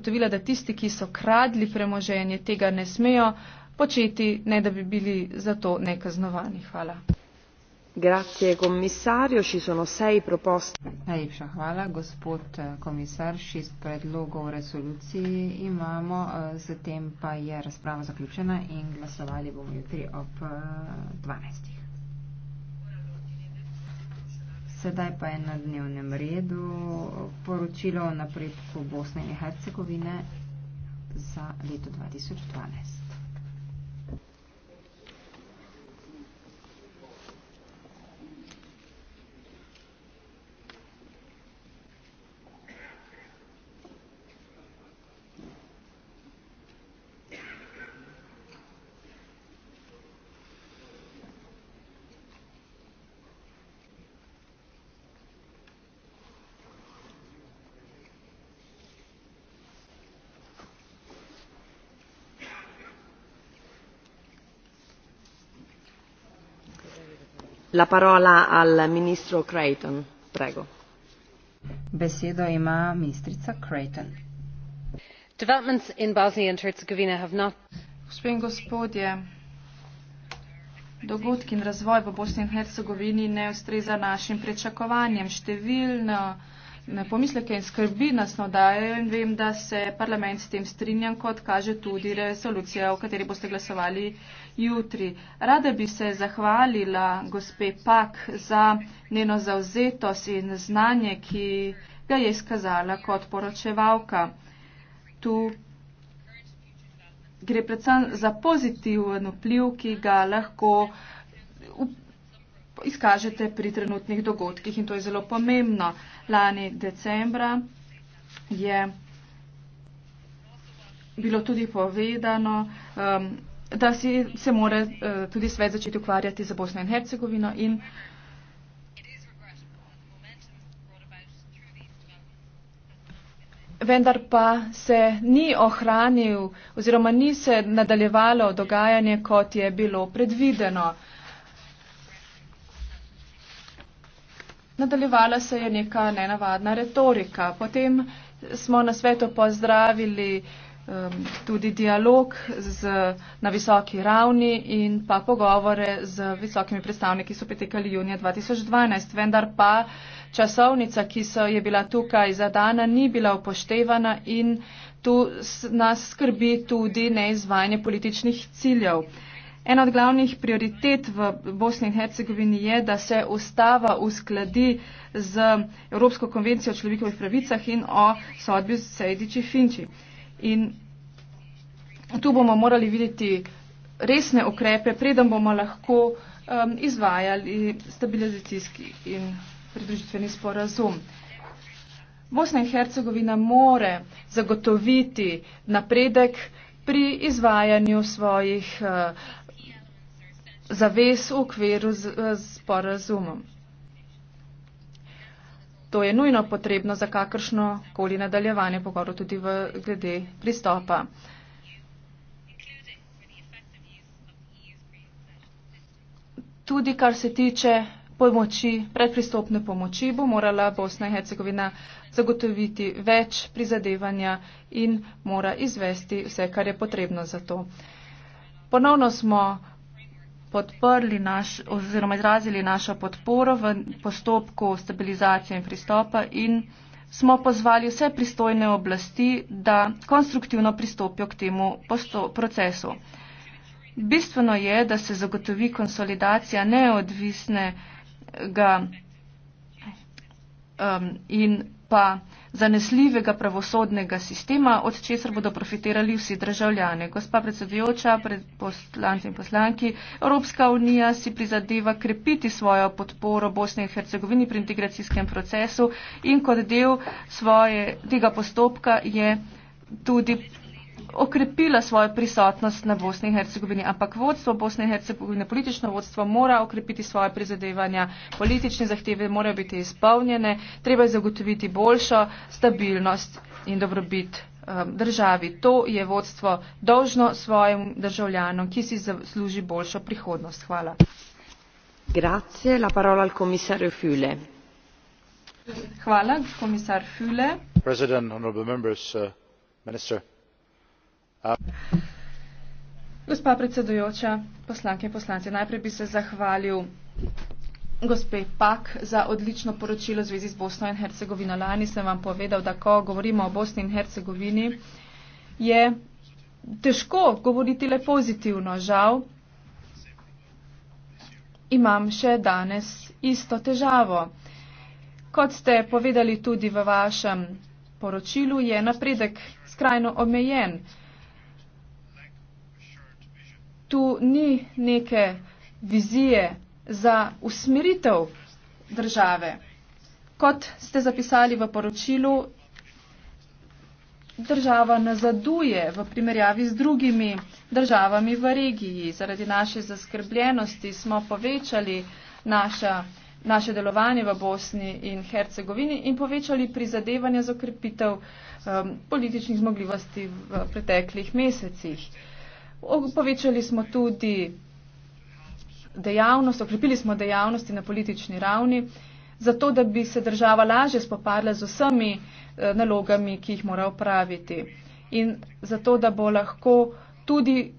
ugotovila, da tisti, ki so kradli premoženje, tega ne smejo početi, ne da bi bili za to nekaznovani. Hvala. Grazie, komisarjo. Ci sono sei proposte. Najlepša hvala, gospod eh, komisar. Šest predlogov resoluciji imamo, zatem eh, pa je razprava zaključena in glasovali bomo jutri ob 12. Eh, Sedaj pa je na dnevnem redu poročilo o napredku Bosne in Hercegovine za leto 2012. gospe in gospodje dogodki in razvoj v bosni in hercegovini ne ustreza našim pričakovanjem. številna na pomisleke in skrbi nas navdajajo in vem, da se parlament s tem strinja, kot kaže tudi resolucija, o kateri boste glasovali jutri. Rada bi se zahvalila gospe Pak za njeno zauzetost in znanje, ki ga je izkazala kot poročevalka. Tu gre predvsem za pozitiven vpliv, ki ga lahko izkažete pri trenutnih dogodkih in to je zelo pomembno. Lani decembra je bilo tudi povedano, um, da si, se mora uh, tudi svet začeti ukvarjati za Bosno in Hercegovino in vendar pa se ni ohranil oziroma ni se nadaljevalo dogajanje, kot je bilo predvideno. Nadaljevala se je neka nenavadna retorika. Potem smo na svetu pozdravili um, tudi dialog z, na visoki ravni in pa pogovore z visokimi predstavniki, ki so potekali junija 2012. Vendar pa časovnica, ki so, je bila tukaj zadana, ni bila upoštevana in tu nas skrbi tudi neizvajanje političnih ciljev. Uh, Ena od glavnih prioritet v Bosni in Hercegovini je, da se ustava uskladi z Evropsko konvencijo o človekovih pravicah in o sodbi Sejdiči Finči. In tu bomo morali videti resne okrepe, preden bomo lahko um, izvajali stabilizacijski in pridružitveni sporazum. Bosna in Hercegovina more zagotoviti napredek pri izvajanju svojih uh, zaves v okviru z, z eh, porazumom. To je nujno potrebno za kakršno koli nadaljevanje pogovoru tudi v glede pristopa. Tudi kar se tiče pomoči, predpristopne pomoči, bo morala Bosna in Hercegovina zagotoviti več prizadevanja in mora izvesti vse, kar je potrebno za to. Ponovno smo podprli naš oziroma izrazili našo podporo v postopku stabilizacije in pristopa in smo pozvali vse pristojne oblasti, da konstruktivno pristopijo k temu procesu. Bistveno je, da se zagotovi konsolidacija neodvisnega um, in pa zanesljivega pravosodnega sistema, od česar bodo profitirali vsi državljane. Gospa predsedujoča, pred poslanci in poslanki, Evropska unija si prizadeva krepiti svojo podporo Bosni in Hercegovini pri integracijskem procesu in kot del svoje, tega postopka je tudi okrepila svojo prisotnost na Bosni in Hercegovini, ampak vodstvo Bosne in Hercegovine, politično vodstvo mora okrepiti svoje prizadevanja, politične zahteve morajo biti izpolnjene, treba je zagotoviti boljšo stabilnost in dobrobit um, državi. To je vodstvo dolžno svojim državljanom, ki si zasluži boljšo prihodnost. Hvala. Grazie, la parola al commissario Füle. Hvala, komisar Füle. President, honorable members, uh, minister. Gospa predsedujoča, poslanke in poslanci, najprej bi se zahvalil gospe Pak za odlično poročilo v zvezi z Bosno in Hercegovino. Lani sem vam povedal, da ko govorimo o Bosni in Hercegovini, je težko govoriti le pozitivno. Žal imam še danes isto težavo. Kot ste povedali tudi v vašem poročilu, je napredek skrajno omejen tu ni neke vizije za usmeritev države. Kot ste zapisali v poročilu, država nazaduje v primerjavi z drugimi državami v regiji. Zaradi naše zaskrbljenosti smo povečali naša, naše delovanje v Bosni in Hercegovini in povečali prizadevanja za okrepitev um, političnih zmogljivosti v preteklih mesecih. Uh, Povečali smo tudi dejavnost, okrepili smo dejavnosti na politični ravni, zato da bi se država lažje spopadla z vsemi eh, nalogami, ki jih mora opraviti. In zato, da bo lahko tudi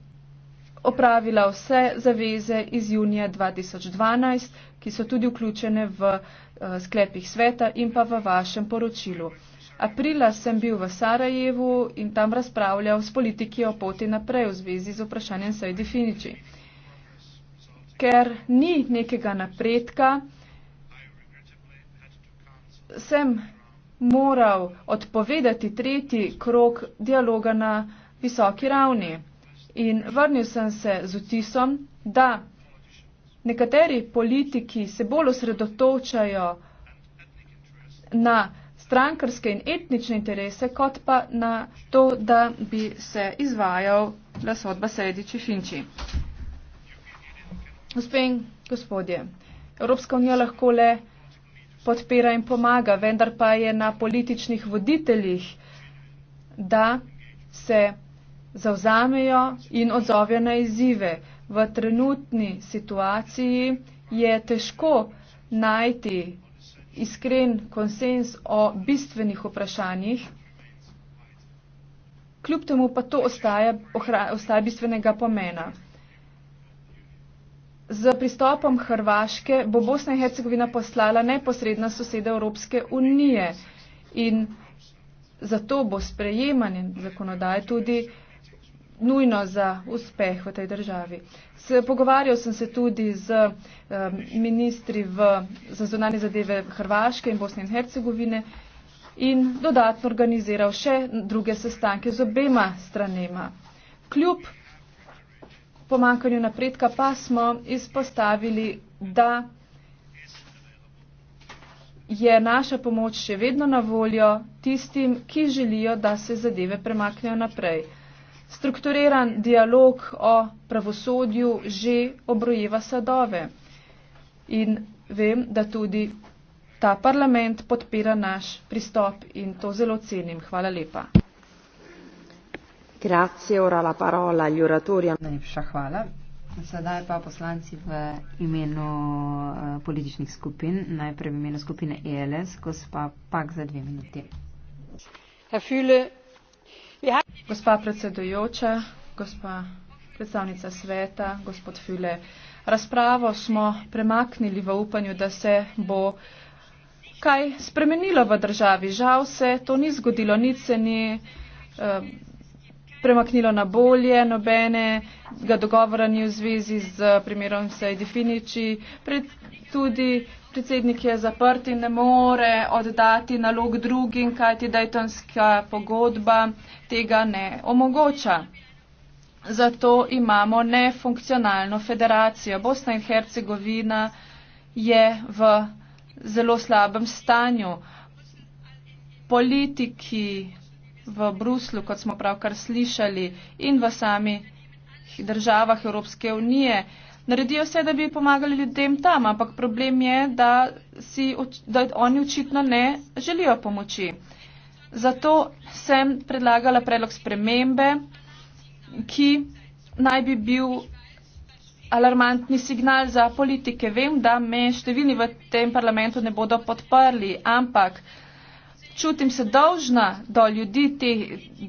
opravila vse zaveze iz junija 2012, ki so tudi vključene v eh, sklepih sveta in pa v vašem poročilu. Aprila sem bil v Sarajevu in tam razpravljal s politiki o poti naprej v zvezi z vprašanjem Sejdi Finiči. Ker ni nekega napredka, sem moral odpovedati tretji krok dialoga na visoki ravni. In vrnil sem se z vtisom, da nekateri politiki se bolj osredotočajo na strankarske in etnične interese, kot pa na to, da bi se izvajal la sodba sedeči finči. Gospe in gospodje, Evropska unija lahko le podpira in pomaga, vendar pa je na političnih voditeljih, da se zauzamejo in odzovejo na izzive. V trenutni situaciji je težko najti iskren konsens o bistvenih vprašanjih, kljub temu pa to ostaja, ostaja bistvenega pomena. Z pristopom Hrvaške bo Bosna in Hercegovina poslala neposredna soseda Evropske unije in zato bo sprejemanje zakonodaje tudi nujno za uspeh v tej državi. Se, pogovarjal sem se tudi z um, ministri v, za zonanje zadeve Hrvaške in Bosne in Hercegovine in dodatno organiziral še druge sestanke z obema stranema. Kljub pomankanju napredka pa smo izpostavili, da je naša pomoč še vedno na voljo tistim, ki želijo, da se zadeve premaknejo naprej. Strukturiran dialog o pravosodju že obrojeva sadove in vem, da tudi ta parlament podpira naš pristop in to zelo cenim. Hvala lepa. Grazie, ora la parola agli oratori. Najlepša hvala. Sedaj pa poslanci v imenu eh, političnih skupin, najprej v imenu skupine ELS, gospa pak za dve minuti. Herr Fühle, Ja. Gospa predsedujoča, gospa predstavnica sveta, gospod File, razpravo smo premaknili v upanju, da se bo kaj spremenilo v državi. Žal se to ni zgodilo, nič se ni eh, premaknilo na bolje, nobene ga dogovora ni v zvezi z primerom Sejdi Finiči, pred, tudi predsednik je zaprt in ne more oddati nalog drugim, kajti dajtonska pogodba tega ne omogoča. Zato imamo nefunkcionalno federacijo. Bosna in Hercegovina je v zelo slabem stanju. Politiki v Bruslu, kot smo pravkar slišali, in v samih državah Evropske unije naredijo vse, da bi pomagali ljudem tam, ampak problem je, da, si, da oni očitno ne želijo pomoči. Zato sem predlagala predlog spremembe, ki naj bi bil alarmantni signal za politike. Vem, da me številni v tem parlamentu ne bodo podprli, ampak čutim se dolžna do ljudi te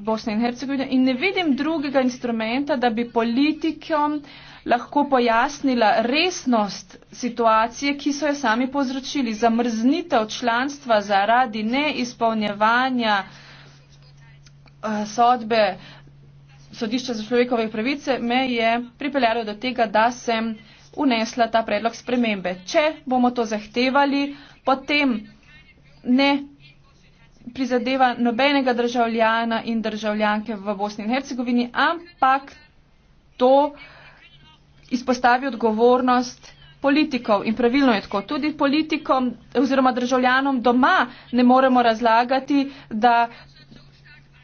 Bosne in Hercegovine in ne vidim drugega instrumenta, da bi politikom uh, lahko pojasnila resnost situacije, ki so jo sami povzročili. Zamrznitev članstva zaradi neizpolnjevanja eh, sodbe sodišča za človekove pravice me je pripeljalo do tega, da sem unesla ta predlog spremembe. Če bomo to zahtevali, potem ne prizadeva nobenega državljana in državljanke v Bosni in Hercegovini, ampak to uh, izpostavi odgovornost politikov in pravilno je tako. Tudi politikom oziroma državljanom doma ne moremo razlagati, da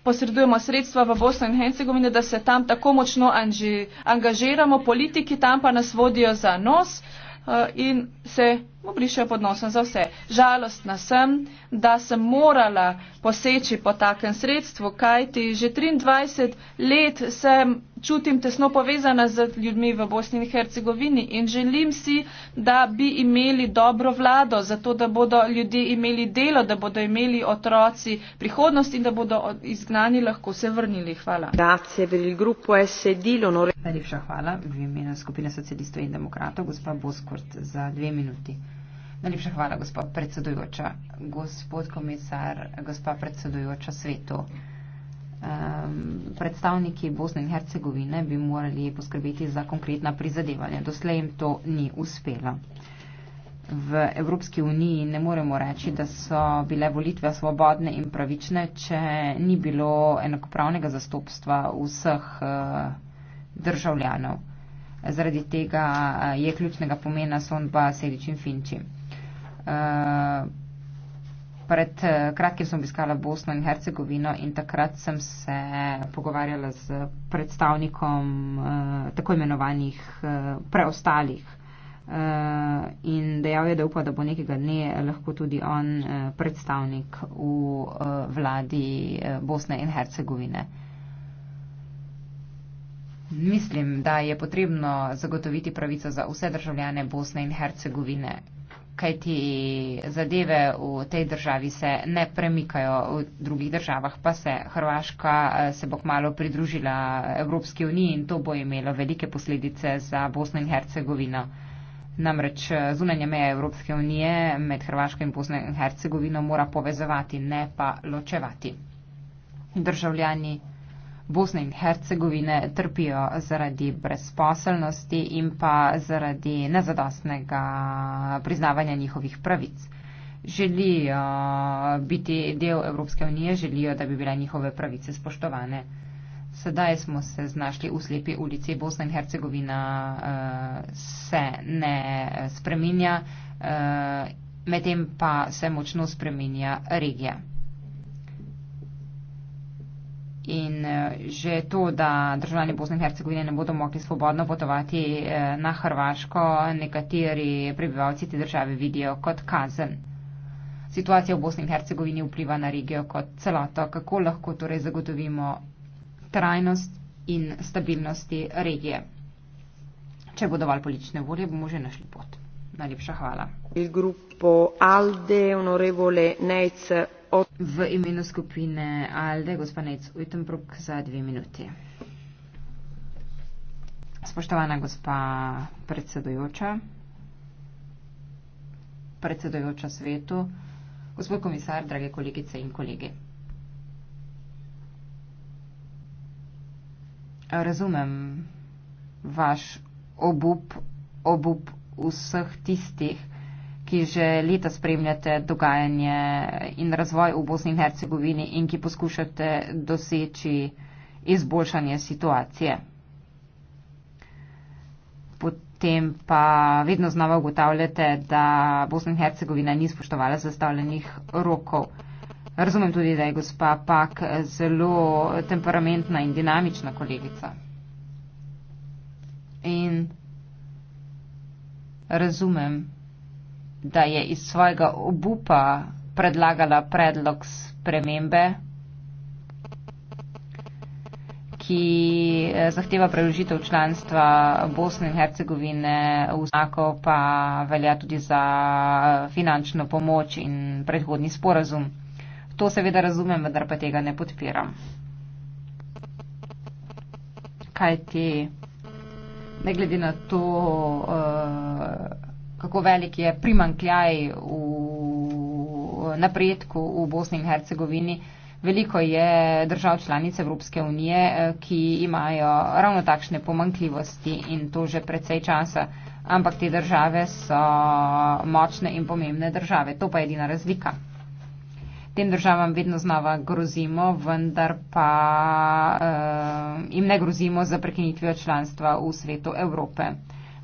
posredujemo sredstva v Bosno in Hercegovino, da se tam tako močno anži, angažiramo, politiki tam pa nas vodijo za nos uh, in se mu brišejo pod nosom za vse. Žalostna sem, da sem morala poseči po takem sredstvu, kajti že 23 let sem čutim tesno povezana z ljudmi v Bosni in Hercegovini in želim si, da bi imeli dobro vlado, zato da bodo ljudje imeli delo, da bodo imeli otroci prihodnost in da bodo izgnani lahko se vrnili. Hvala. Najlepša hvala v imenu skupine socialistov in demokratov, gospa Boskort, za dve minuti. Najlepša hvala, gospod predsedujoča. Gospod komisar, gospod predsedujoča svetu. Um, predstavniki Bosne in Hercegovine bi morali poskrbeti za konkretna prizadevanja. Doslej jim to ni uspelo. V Evropski uniji ne moremo reči, da so bile volitve svobodne in pravične, če ni bilo enakopravnega zastopstva vseh uh, državljanov. Zaradi tega eh, je ključnega pomena sonba Sedič in Finči. Eh, pred eh, kratkim sem obiskala Bosno in Hercegovino in takrat sem se pogovarjala z predstavnikom uh, tako imenovanih uh, preostalih. Uh, in dejal je, da upa, da bo nekega dne lahko tudi on uh, predstavnik v uh, vladi uh, Bosne in Hercegovine. Mislim, da je potrebno zagotoviti pravico za vse državljane Bosne in Hercegovine, kajti zadeve v tej državi se ne premikajo, v drugih državah pa se Hrvaška eh, se bo kmalo pridružila Evropski uniji in to bo imelo velike posledice za Bosno in Hercegovino. Namreč eh, zunanje meje Evropske unije med Hrvaško in Bosno in Hercegovino mora povezovati, ne pa ločevati. Državljani. Bosne in Hercegovine trpijo zaradi brezposelnosti in pa zaradi nezadostnega priznavanja njihovih pravic. Želijo biti del Evropske unije, želijo, da bi bile njihove pravice spoštovane. Sedaj smo se znašli v slepi ulici. Bosna in Hercegovina uh, se ne spreminja, uh, medtem pa se močno spreminja regija in eh, že to, da državljani Bosne in Hercegovine ne bodo mogli svobodno potovati eh, na Hrvaško, nekateri prebivalci te države vidijo kot kazen. Situacija v Bosni in Hercegovini vpliva na regijo kot celoto. Kako lahko torej zagotovimo trajnost in stabilnosti regije? Če bo dovolj politične volje, bomo že našli pot. Najlepša hvala. Il gruppo Alde, onorevole Neitz, od... V imenu skupine Alde, gospanec Ujtenbruk, za dve minuti. Spoštovana gospa predsedujoča, predsedujoča svetu, gospod komisar, drage kolegice in kolegi. Razumem vaš obup, obup vseh tistih, ki že leta spremljate dogajanje in razvoj v Bosni in Hercegovini in ki poskušate doseči izboljšanje situacije. Potem pa vedno znova ugotavljate, da Bosna in Hercegovina ni spoštovala zastavljenih rokov. Razumem tudi, da je gospa Pak zelo temperamentna in dinamična kolegica. In razumem da je iz svojega obupa predlagala predlog spremembe, ki eh, zahteva preložitev članstva Bosne in Hercegovine, vznako pa velja tudi za eh, finančno pomoč in predhodni sporazum. To seveda razumem, vendar pa tega ne podpiram. Kaj ti, ne glede na to, uh, kako velik je primankljaj v napredku v Bosni in Hercegovini. Veliko je držav članic Evropske unije, eh, ki imajo ravno takšne pomankljivosti in to že predvsej časa, ampak te države so močne in pomembne države. To pa je edina razlika. Tem državam vedno znova grozimo, vendar pa uh, jim ne grozimo za prekinitvijo članstva v svetu Evrope.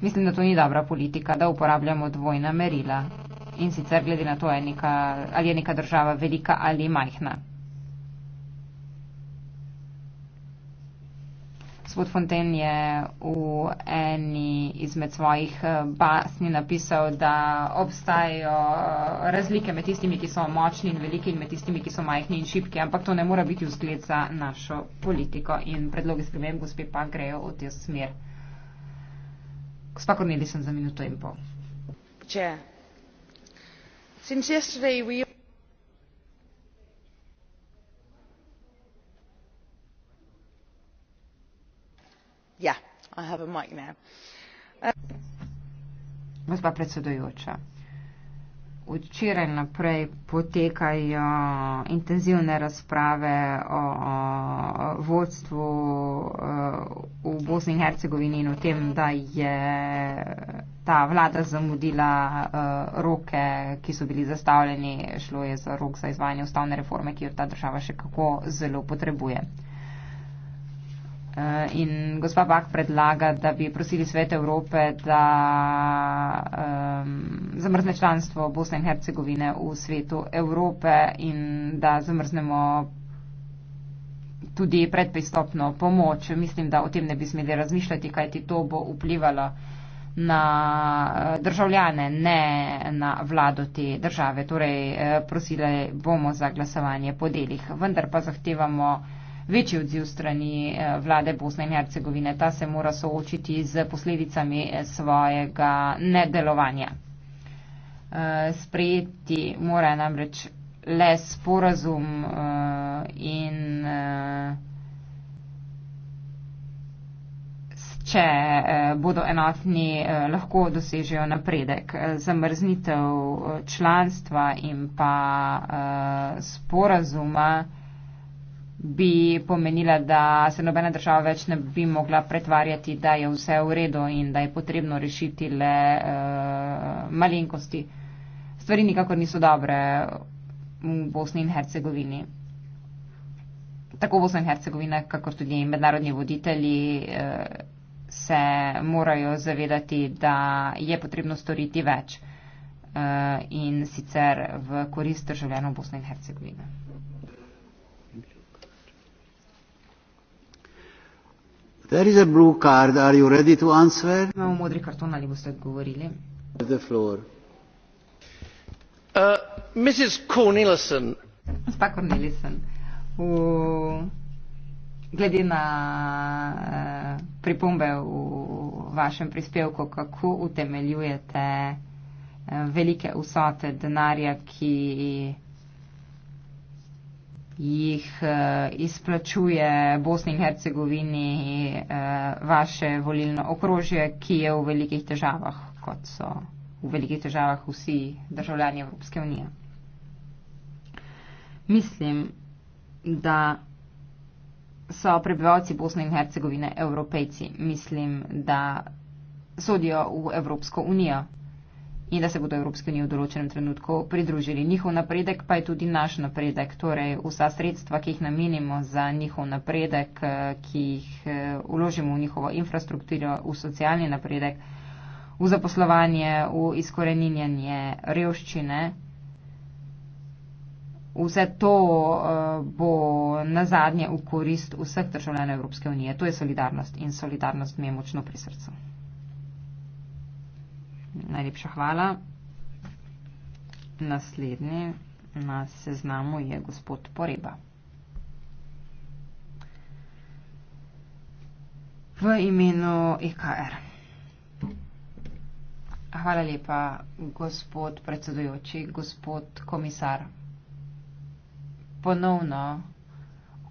Mislim, da to ni dobra politika, da uporabljamo dvojna merila. In sicer glede na to, je neka, ali je neka država velika ali majhna. Gospod Fonten je v eni izmed svojih eh, basni napisal, da obstajajo eh, razlike med tistimi, ki so močni in veliki in med tistimi, ki so majhni in šipki, ampak to ne mora biti vzgled za našo politiko in predlogi sprememb, gospe, pa grejo v to smer gospa cornelissen za minuto in pol uh, gospa predsedujoča včeraj naprej potekajo intenzivne razprave o, o vodstvu eh, v Bosni in Hercegovini in o tem, da je ta vlada zamudila eh, roke, ki so bili zastavljeni. Šlo je za rok za izvajanje ustavne reforme, ki jo ta država še kako zelo potrebuje. Eh, in gospa Bak predlaga, da bi prosili Svet Evrope, da ehm, zamrzne članstvo Bosne in Hercegovine v svetu Evrope in da zamrznemo tudi predpristopno pomoč. Mislim, da o tem ne bi smeli razmišljati, kajti to bo vplivalo na eh, državljane, ne na vlado te države. Torej, eh, prosile bomo za glasovanje po delih, vendar pa zahtevamo večji odziv strani eh, vlade Bosne in Hercegovine. Ta se mora soočiti z posledicami eh, svojega nedelovanja. Eh, sprejeti mora namreč le sporazum in če bodo enotni, lahko dosežejo napredek. Zamrznitev članstva in pa sporazuma bi pomenila, da se nobena država več ne bi mogla pretvarjati, da je vse v redu in da je potrebno rešiti le uh, malenkosti. Stvari nikakor niso dobre v Bosni in Hercegovini. Tako Bosna in Hercegovina, kakor tudi mednarodni voditelji uh, se morajo zavedati, da je potrebno storiti več uh, in sicer v korist državljanov Bosne in Hercegovine. There is a blue card. Are you ready to answer? Imamo modri karton ali boste odgovorili? The floor. Uh, Mrs. Cornelison. Gospa Cornelison. V... Glede na uh, pripombe v vašem prispevku, kako utemeljujete uh, velike usote denarja, ki jih eh, izplačuje Bosni in Hercegovini eh, vaše volilno okrožje, ki je v velikih težavah, kot so v velikih težavah vsi državljani Evropske unije. Mislim, da so prebivalci Bosne in Hercegovine evropejci. Mislim, da sodijo v Evropsko unijo in da se bodo Evropske unije v določenem trenutku pridružili. Njihov napredek pa je tudi naš napredek, torej vsa sredstva, ki jih namenimo za njihov napredek, eh, ki jih uložimo eh, v njihovo infrastrukturo, v socialni napredek, v zaposlovanje, v izkoreninjanje revščine. Vse to eh, bo na zadnje v korist vseh državljanov Evropske unije. To je solidarnost in solidarnost mi je močno pri srcu. Najlepša hvala. Naslednji na seznamu je gospod Poreba. V imenu EKR. Hvala lepa, gospod predsedujoči, gospod komisar. Ponovno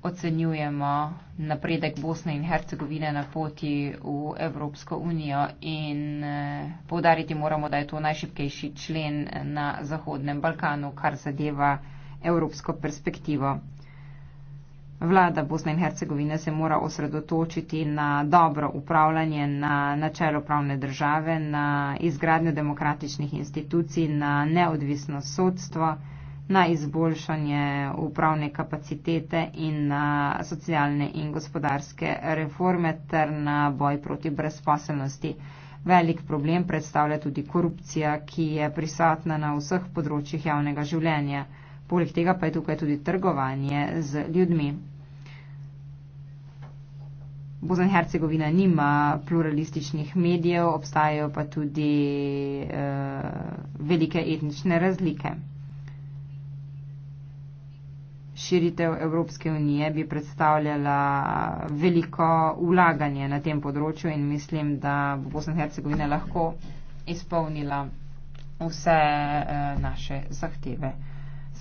ocenjujemo napredek Bosne in Hercegovine na poti v Evropsko unijo in eh, povdariti moramo, da je to najšipkejši člen eh, na Zahodnem Balkanu, kar zadeva evropsko perspektivo. Vlada Bosne in Hercegovine se mora osredotočiti na dobro upravljanje, na načelo pravne države, na izgradnjo demokratičnih institucij, na neodvisnost sodstva na izboljšanje upravne kapacitete in na socialne in gospodarske reforme ter na boj proti brezposelnosti. Velik problem predstavlja tudi korupcija, ki je prisotna na vseh področjih javnega življenja. Poleg tega pa je tukaj tudi trgovanje z ljudmi. Bosna in Hercegovina nima pluralističnih medijev, obstajajo pa tudi e, velike etnične razlike širitev Evropske unije bi predstavljala veliko ulaganje na tem področju in mislim, da bo Bosna in Hercegovina lahko izpolnila vse eh, naše zahteve.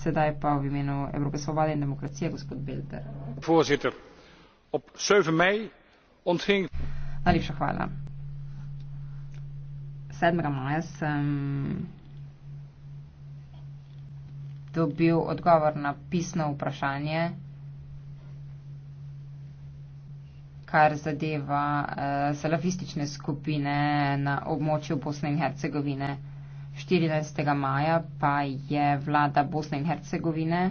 Sedaj pa v imenu Evrope svobode in demokracije gospod Belter. Voziter, ob 7. maj ontving. Najlepša hvala. 7. maja sem. Um, dobil odgovor na pisno vprašanje, kar zadeva uh, salafistične skupine na območju Bosne in Hercegovine. 14. maja pa je vlada Bosne in Hercegovine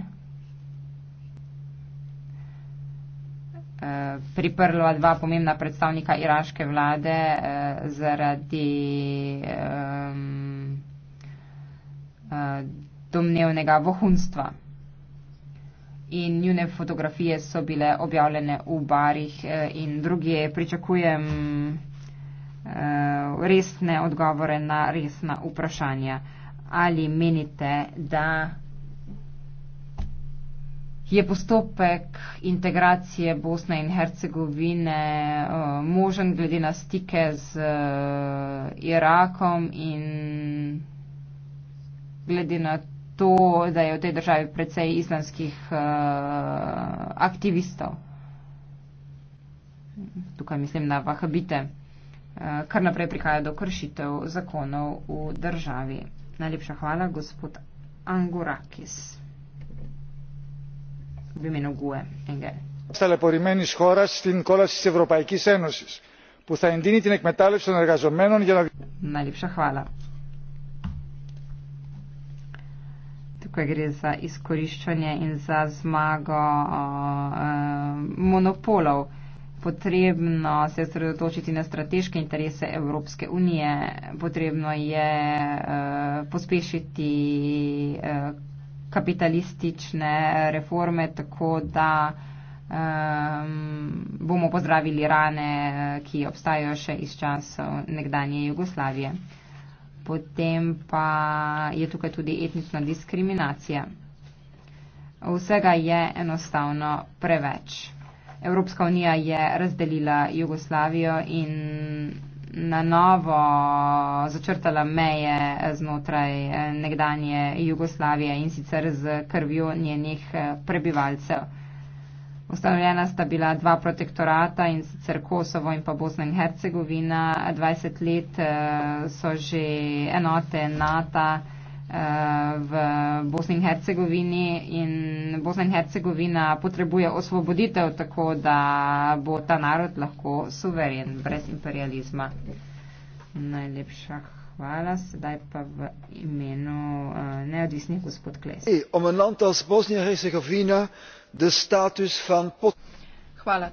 eh, priprla dva pomembna predstavnika iraške vlade eh, zaradi domnevnega vohunstva. In njune fotografije so bile objavljene v barih eh, in druge. Pričakujem eh, resne odgovore na resna vprašanja. Ali menite, da je postopek integracije Bosne in Hercegovine eh, možen glede na stike z Irakom in glede na to, da je v tej državi precej islamskih uh, aktivistov. Tukaj mislim na vahabite, uh, kar naprej prihaja do kršitev zakonov v državi. Najlepša hvala, gospod Angurakis. V imenu GUE. Στα λεπορημένη χώρα στην κόλαση τη Ευρωπαϊκή Ένωση, που θα ενδύνει την εκμετάλλευση των εργαζομένων για να. Να λείψα χάλα. ko gre za izkoriščanje in za zmago uh, monopolov, potrebno se sredotočiti na strateške interese Evropske unije, potrebno je uh, pospešiti uh, kapitalistične reforme tako, da um, bomo pozdravili rane, ki obstajajo še iz časov nekdanje Jugoslavije. Potem pa je tukaj tudi etnična diskriminacija. Vsega je enostavno preveč. Evropska unija je razdelila Jugoslavijo in na novo začrtala meje znotraj eh, nekdanje Jugoslavije in sicer z krvjo njenih eh, prebivalcev. Ustanovljena sta bila dva protektorata in sicer Kosovo in pa Bosna in Hercegovina. 20 let eh, so že enote NATO eh, v Bosni in Hercegovini in Bosna in Hercegovina potrebuje osvoboditev tako, da bo ta narod lahko suveren brez imperializma. Najlepša hvala, sedaj pa v imenu eh, neodvisnih gospod Klesa. Hey,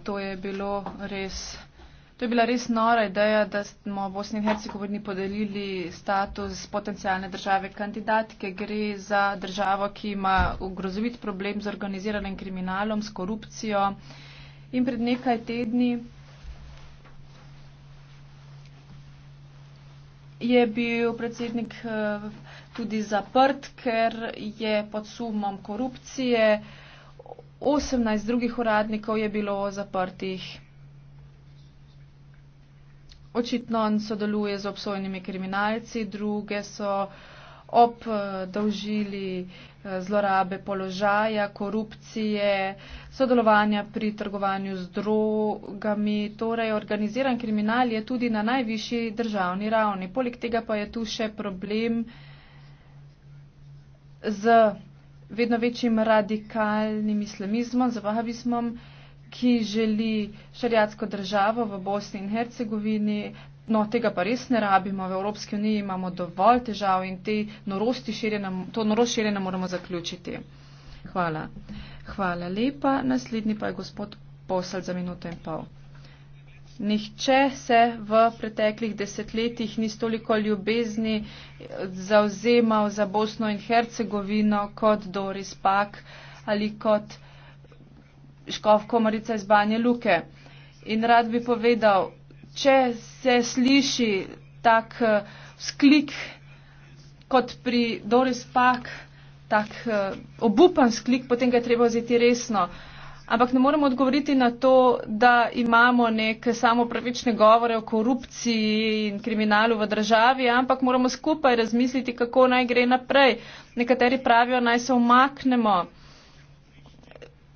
to je bilo res. To je bila res nora ideja, da smo v Bosni in Hercegovini podelili status potencijalne države kandidatke. Gre za državo, ki ima grozovit problem z organiziranim kriminalom, s korupcijo. In pred nekaj tedni je bil predsednik eh, tudi zaprt, ker je pod sumom korupcije. Uh, 18 drugih uradnikov je bilo zaprtih. Očitno on sodeluje z obsojenimi kriminalci, druge so obdolžili eh, zlorabe položaja, korupcije, sodelovanja pri trgovanju z drogami. Torej, organiziran kriminal je tudi na najvišji državni ravni. Poleg tega pa je tu še problem z vedno večjim radikalnim islamizmom, zavahabismom, ki želi šariatsko državo v Bosni in Hercegovini. No, tega pa res ne rabimo. V Evropski uniji imamo dovolj težav in te norosti širjene, to norost širjenja moramo zaključiti. Hvala. Hvala lepa. Naslednji pa je gospod Posel za minuto in pol nihče se v preteklih desetletjih ni toliko ljubezni zauzemal za Bosno in Hercegovino kot Doris Pak ali kot Škov Komarica iz Banje Luke. In rad bi povedal, če se sliši tak sklik eh, kot pri Doris Pak, tak eh, obupan sklik, potem ga je treba vzeti resno ampak ne moremo odgovoriti na to, da imamo neke samopravične govore o korupciji in kriminalu v državi, ampak moramo skupaj razmisliti, kako naj gre naprej. Nekateri pravijo, naj se umaknemo.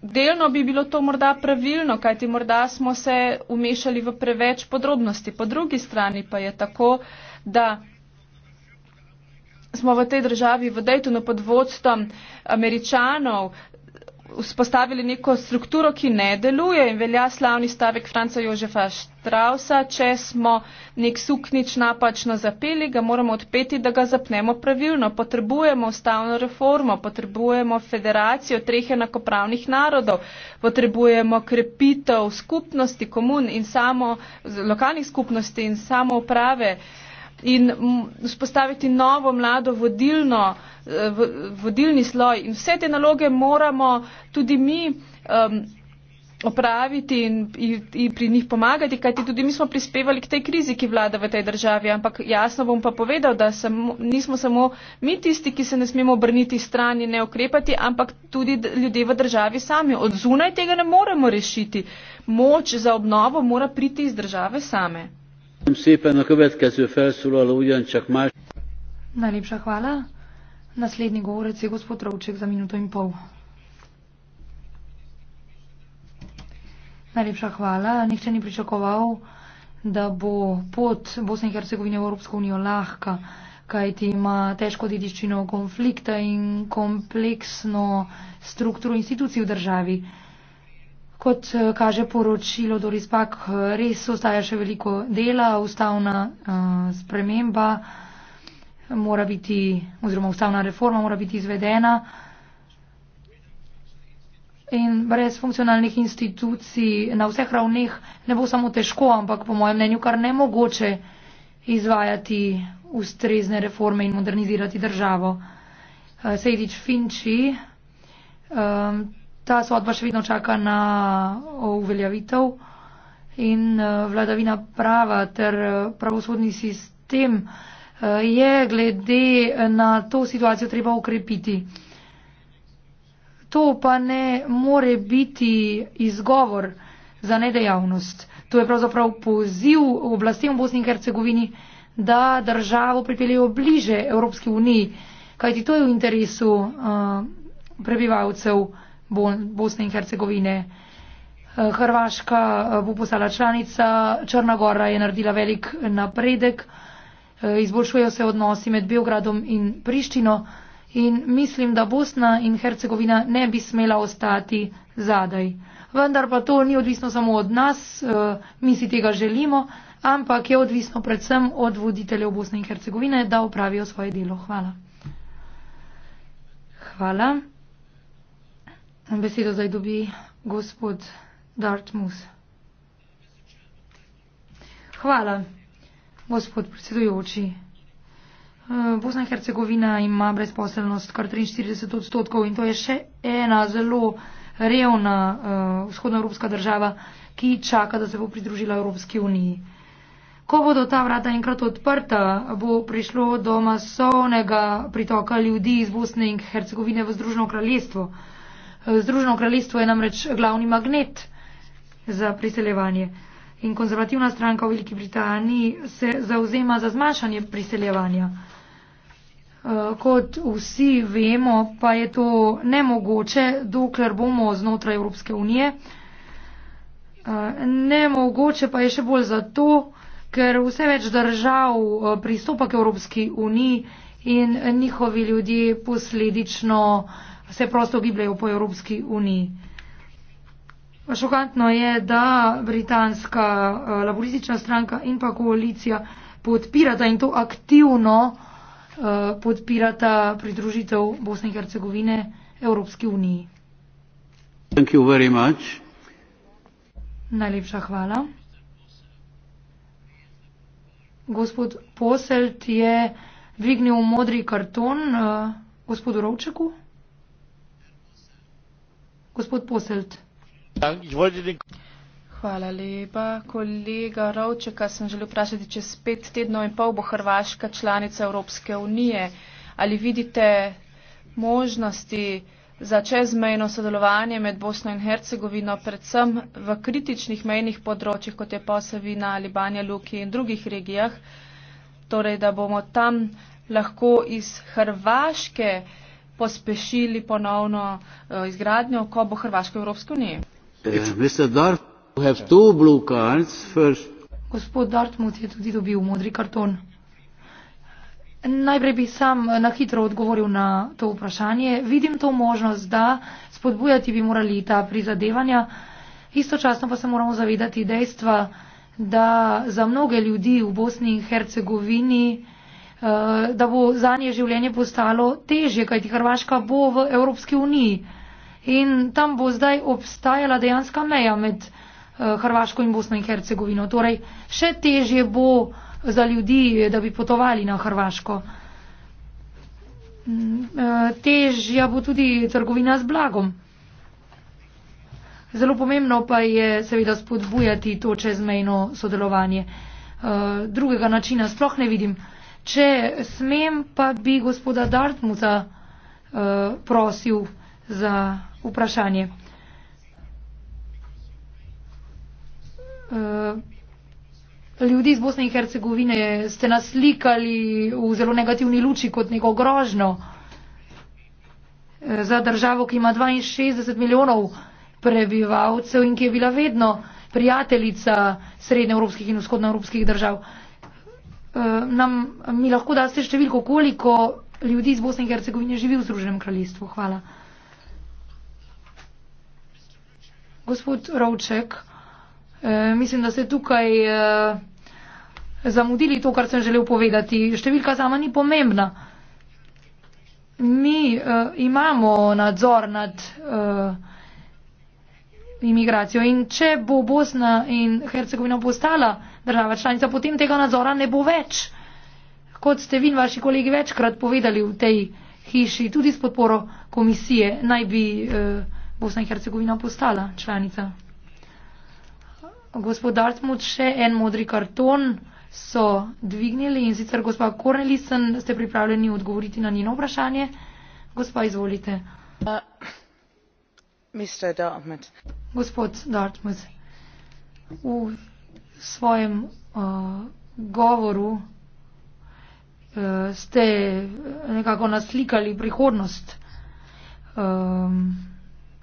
Delno bi bilo to morda pravilno, kajti morda smo se umešali v preveč podrobnosti. Po drugi strani pa je tako, da smo v tej državi v Daytonu pod vodstvom američanov vzpostavili neko strukturo, ki ne deluje in velja slavni stavek Franca Jožefa Štrausa, če smo nek suknič napačno zapeli, ga moramo odpeti, da ga zapnemo pravilno. Potrebujemo ustavno reformo, potrebujemo federacijo treh enakopravnih narodov, potrebujemo krepitev skupnosti, komun in samo lokalnih skupnosti in samo uprave in vzpostaviti novo mlado vodilno, eh, vodilni sloj. In vse te naloge moramo tudi mi um, opraviti in, in, in pri njih pomagati, kajti tudi mi smo prispevali k tej krizi, ki vlada v tej državi. Ampak jasno bom pa povedal, da sem, nismo samo mi tisti, ki se ne smemo obrniti stran in ne ukrepati, ampak tudi ljudje v državi sami. Od zunaj tega ne moremo rešiti. Moč za obnovo mora priti iz države same. Najlepša hvala. Naslednji govorec je gospod Rovček za minuto in pol. Najlepša hvala. Nihče ni pričakoval, da bo pot Bosne in Hercegovine v Evropsko unijo lahka, kajti ima težko dediščino konflikta in kompleksno strukturo institucij v državi. Kot eh, kaže poročilo Doris Pak, eh, res ostaja še veliko dela, ustavna uh, sprememba mora biti, oziroma ustavna reforma mora biti izvedena. In brez funkcionalnih institucij na vseh ravneh ne bo samo težko, ampak po mojem mnenju kar nemogoče izvajati ustrezne reforme in modernizirati državo. Sejdič Finči, ta sodba še vedno čaka na uveljavitev in eh, vladavina prava ter eh, pravosodni sistem eh, je glede na to situacijo treba ukrepiti. To pa ne more biti izgovor za nedejavnost. To je pravzaprav poziv oblastem v Bosni in Hercegovini, da državo pripeljejo bliže Evropski uniji, kajti to je v interesu uh, prebivalcev. Bosne in Hercegovine. Eh, Hrvaška eh, bo postala članica, Črna Gora je naredila velik napredek, eh, izboljšujejo se odnosi med Beogradom in Prištino in mislim, da Bosna in Hercegovina ne bi smela ostati zadaj. Vendar pa to ni odvisno samo od nas, mi si tega želimo, ampak je odvisno predvsem od voditeljev Bosne in Hercegovine, da upravijo svoje delo. Hvala. Hvala. Besedo zdaj dobi gospod Dartmus. Hvala, gospod predsedujoči. Eh, Bosna in Hercegovina ima brezposelnost kar 43 odstotkov in to je še ena zelo revna uh, vzhodnoevropska država, ki čaka, da se bo pridružila Evropski uniji. Ko bodo ta vrata enkrat odprta, bo prišlo do masovnega pritoka ljudi iz Bosne in Hercegovine v Združeno kraljestvo. Uh, Združeno kraljestvo je namreč glavni magnet za priseljevanje. In konzervativna stranka v Veliki Britaniji se zauzema za zmanjšanje priseljevanja. Eh, kot vsi vemo, pa je to nemogoče, dokler bomo znotraj Evropske unije. Eh, nemogoče pa je še bolj zato, ker vse več držav eh, pristopa k Evropski uniji in njihovi ljudje posledično uh, se prosto gibljajo po Evropski uniji. Šokantno je, da britanska eh, laboristična stranka in pa koalicija podpirata in to aktivno eh, podpirata pridružitev Bosne in Hercegovine Evropski uniji. Najlepša hvala. Gospod Poselt je dvignil modri karton uh, gospodu Rovčeku. Gospod Poselt. Hvala lepa. Kolega Rovčeka sem želel vprašati, čez pet tednov in pol bo Hrvaška članica Evropske unije. Ali vidite možnosti za čezmejno sodelovanje med Bosno in Hercegovino, predvsem v kritičnih mejnih področjih, kot je Posavina ali Banja Luki in drugih regijah, torej da bomo tam lahko iz Hrvaške pospešili ponovno uh, izgradnjo, ko bo Hrvaška v Evropski uniji. Eh, Gospod Dartmouth je tudi dobil modri karton. Najprej bi sam eh, na hitro odgovoril na to vprašanje. Vidim to možnost, da spodbujati bi morali ta prizadevanja. Istočasno pa se moramo zavedati dejstva, da za mnoge ljudi v Bosni in Hercegovini uh, Eh, da bo za nje življenje postalo težje, kajti Hrvaška bo v Evropski uniji in tam bo zdaj obstajala dejanska meja med eh, Hrvaško in Bosno in Hercegovino. Torej, še težje bo za ljudi, da bi potovali na Hrvaško. Mm, eh, težja bo tudi trgovina z blagom. Zelo pomembno pa je seveda spodbujati to čezmejno sodelovanje. Drugega načina sploh ne vidim. Če smem, pa bi gospoda Dartmuta uh, prosil za vprašanje. Uh, ljudi iz Bosne in Hercegovine ste naslikali v zelo negativni luči kot neko grožno eh, za državo, ki ima 62 milijonov prebivalcev in ki je bila vedno prijateljica srednjeevropskih in vzhodnoevropskih držav. Uh, Eh, nam, mi lahko daste številko, koliko ljudi iz Bosne in Hercegovine živi v Združenem kraljestvu. Hvala. Gospod Rovček, eh, mislim, da ste tukaj eh, zamudili to, kar sem želel povedati. Številka sama ni pomembna. Mi eh, imamo nadzor nad eh, imigracijo in če bo Bosna in Hercegovina postala država članica, potem tega nadzora ne bo več. Kot ste vi in vaši kolegi večkrat povedali v tej hiši, tudi s podporo komisije, naj bi eh, Bosna in Hercegovina postala članica. Gospod Dartmut, še en modri karton so dvignili in sicer gospa Kornelisen, ste pripravljeni odgovoriti na njeno vprašanje? Gospa, izvolite. Uh, Gospod Dartmut svojem uh, govoru uh, ste nekako naslikali prihodnost. Um,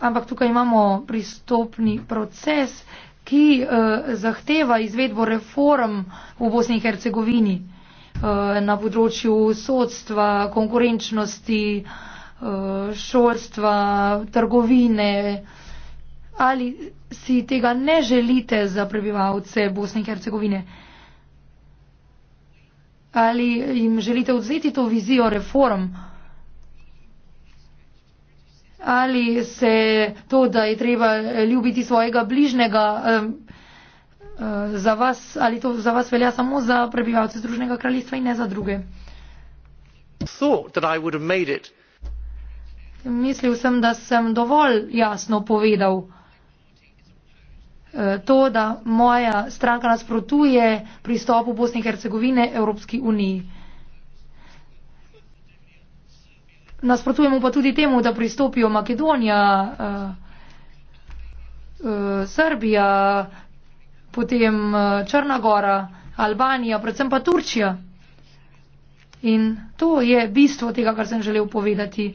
ampak tukaj imamo pristopni proces, ki uh, zahteva izvedbo reform v Bosni in Hercegovini uh, na področju sodstva, konkurenčnosti, uh, šolstva, trgovine ali si tega ne želite za prebivalce Bosne in Hercegovine? Ali jim želite odzeti to vizijo reform? Ali se to, da je treba ljubiti svojega bližnega, eh, za vas, ali to za vas velja samo za prebivalce Združenega kraljestva in ne za druge? Mislil sem, da sem dovolj jasno povedal. Eh, to, da moja stranka nasprotuje pristopu Bosne in Hercegovine Evropski uniji. Nasprotujemo pa tudi temu, da pristopijo Makedonija, eh, eh, Srbija, potem Črna gora, Albanija, predvsem pa Turčija. In to je bistvo tega, kar sem želel povedati.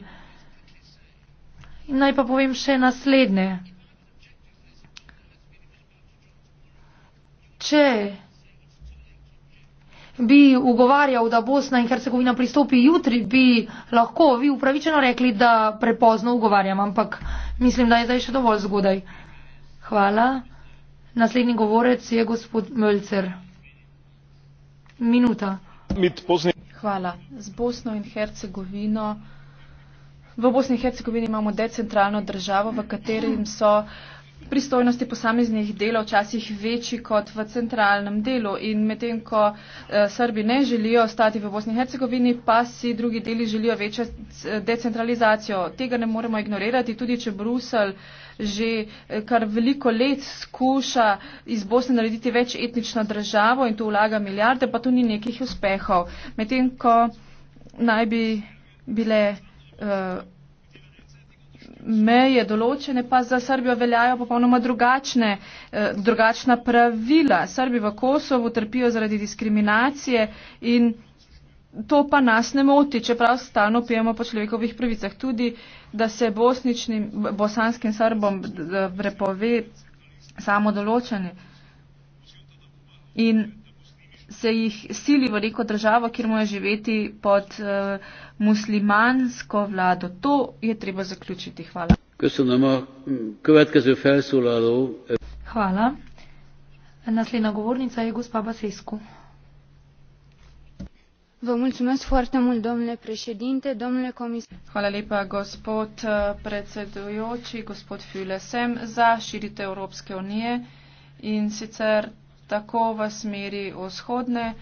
In naj pa povem še naslednje. če bi ugovarjal, da Bosna in Hercegovina pristopi jutri, bi lahko vi upravičeno rekli, da prepozno ugovarjam, ampak mislim, da je zdaj še dovolj zgodaj. Hvala. Naslednji govorec je gospod Mölcer. Minuta. Hvala. Z Bosno in Hercegovino. V Bosni in Hercegovini imamo decentralno državo, v katerem so pristojnosti posameznih delov včasih večji kot v centralnem delu in medtem, ko eh, Srbi ne želijo ostati v Bosni in Hercegovini, pa si drugi deli želijo večjo eh, decentralizacijo. Tega ne moremo ignorirati, tudi če Brusel že eh, kar veliko let skuša iz Bosne narediti več etnično državo in tu vlaga milijarde, pa tu ni nekih uspehov. Medtem, ko naj bi bile uh, meje določene, pa za Srbijo veljajo popolnoma drugačne, eh, drugačna pravila. Srbi v Kosovu trpijo zaradi diskriminacije in to pa nas ne moti, čeprav stalno pijemo po človekovih pravicah. Tudi, da se bosničnim, bosanskim Srbom prepove samo določene. In se jih sili v neko državo, kjer mojo živeti pod uh, muslimansko vlado. To je treba zaključiti. Hvala. Hvala. Naslednja govornica je gospa Basescu. Vă mulțumesc foarte mult, domnule președinte, domnule comisar. Hvala lepa, gospod eh, predsedujoči, gospod Fülesem, za širite Evropske unije in sicer tako v smeri vzhodne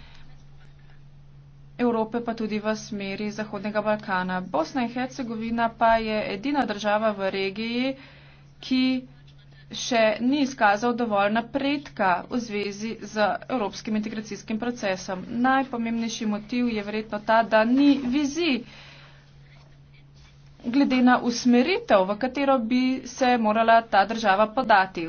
Evrope, pa tudi v smeri Zahodnega Balkana. Bosna in Hercegovina pa je edina država v regiji, ki še ni izkazal dovolj napredka v zvezi z evropskim integracijskim procesom. Najpomembnejši motiv je verjetno ta, da ni vizi glede na usmeritev, v katero bi se morala ta država podati